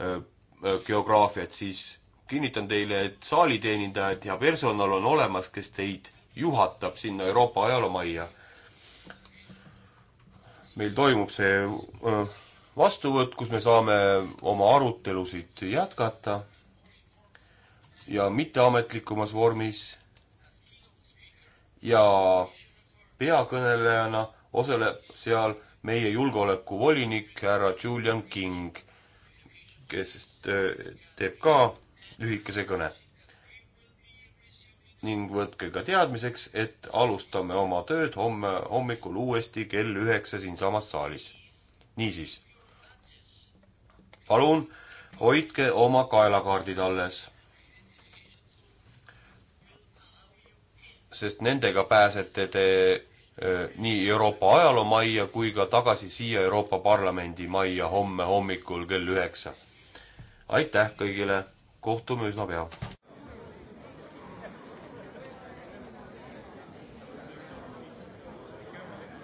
Äh, äh, geograafiat, siis kinnitan teile, et saaliteenindajad ja personal on olemas, kes teid juhatab sinna Euroopa ajaloomajja. meil toimub see äh, vastuvõtt, kus me saame oma arutelusid jätkata ja mitteametlikumas vormis ja peakõnelejana osaleb seal meie julgeolekuvolinik härra Julian King kes teeb ka lühikese kõne. ning võtke ka teadmiseks, et alustame oma tööd homme hommikul uuesti kell üheksa siinsamas saalis. niisiis, palun hoidke oma kaelakaardid alles. sest nendega pääsete te nii Euroopa ajaloomajja kui ka tagasi siia Euroopa Parlamendi majja homme hommikul kell üheksa aitäh kõigile, kohtume üsna pea!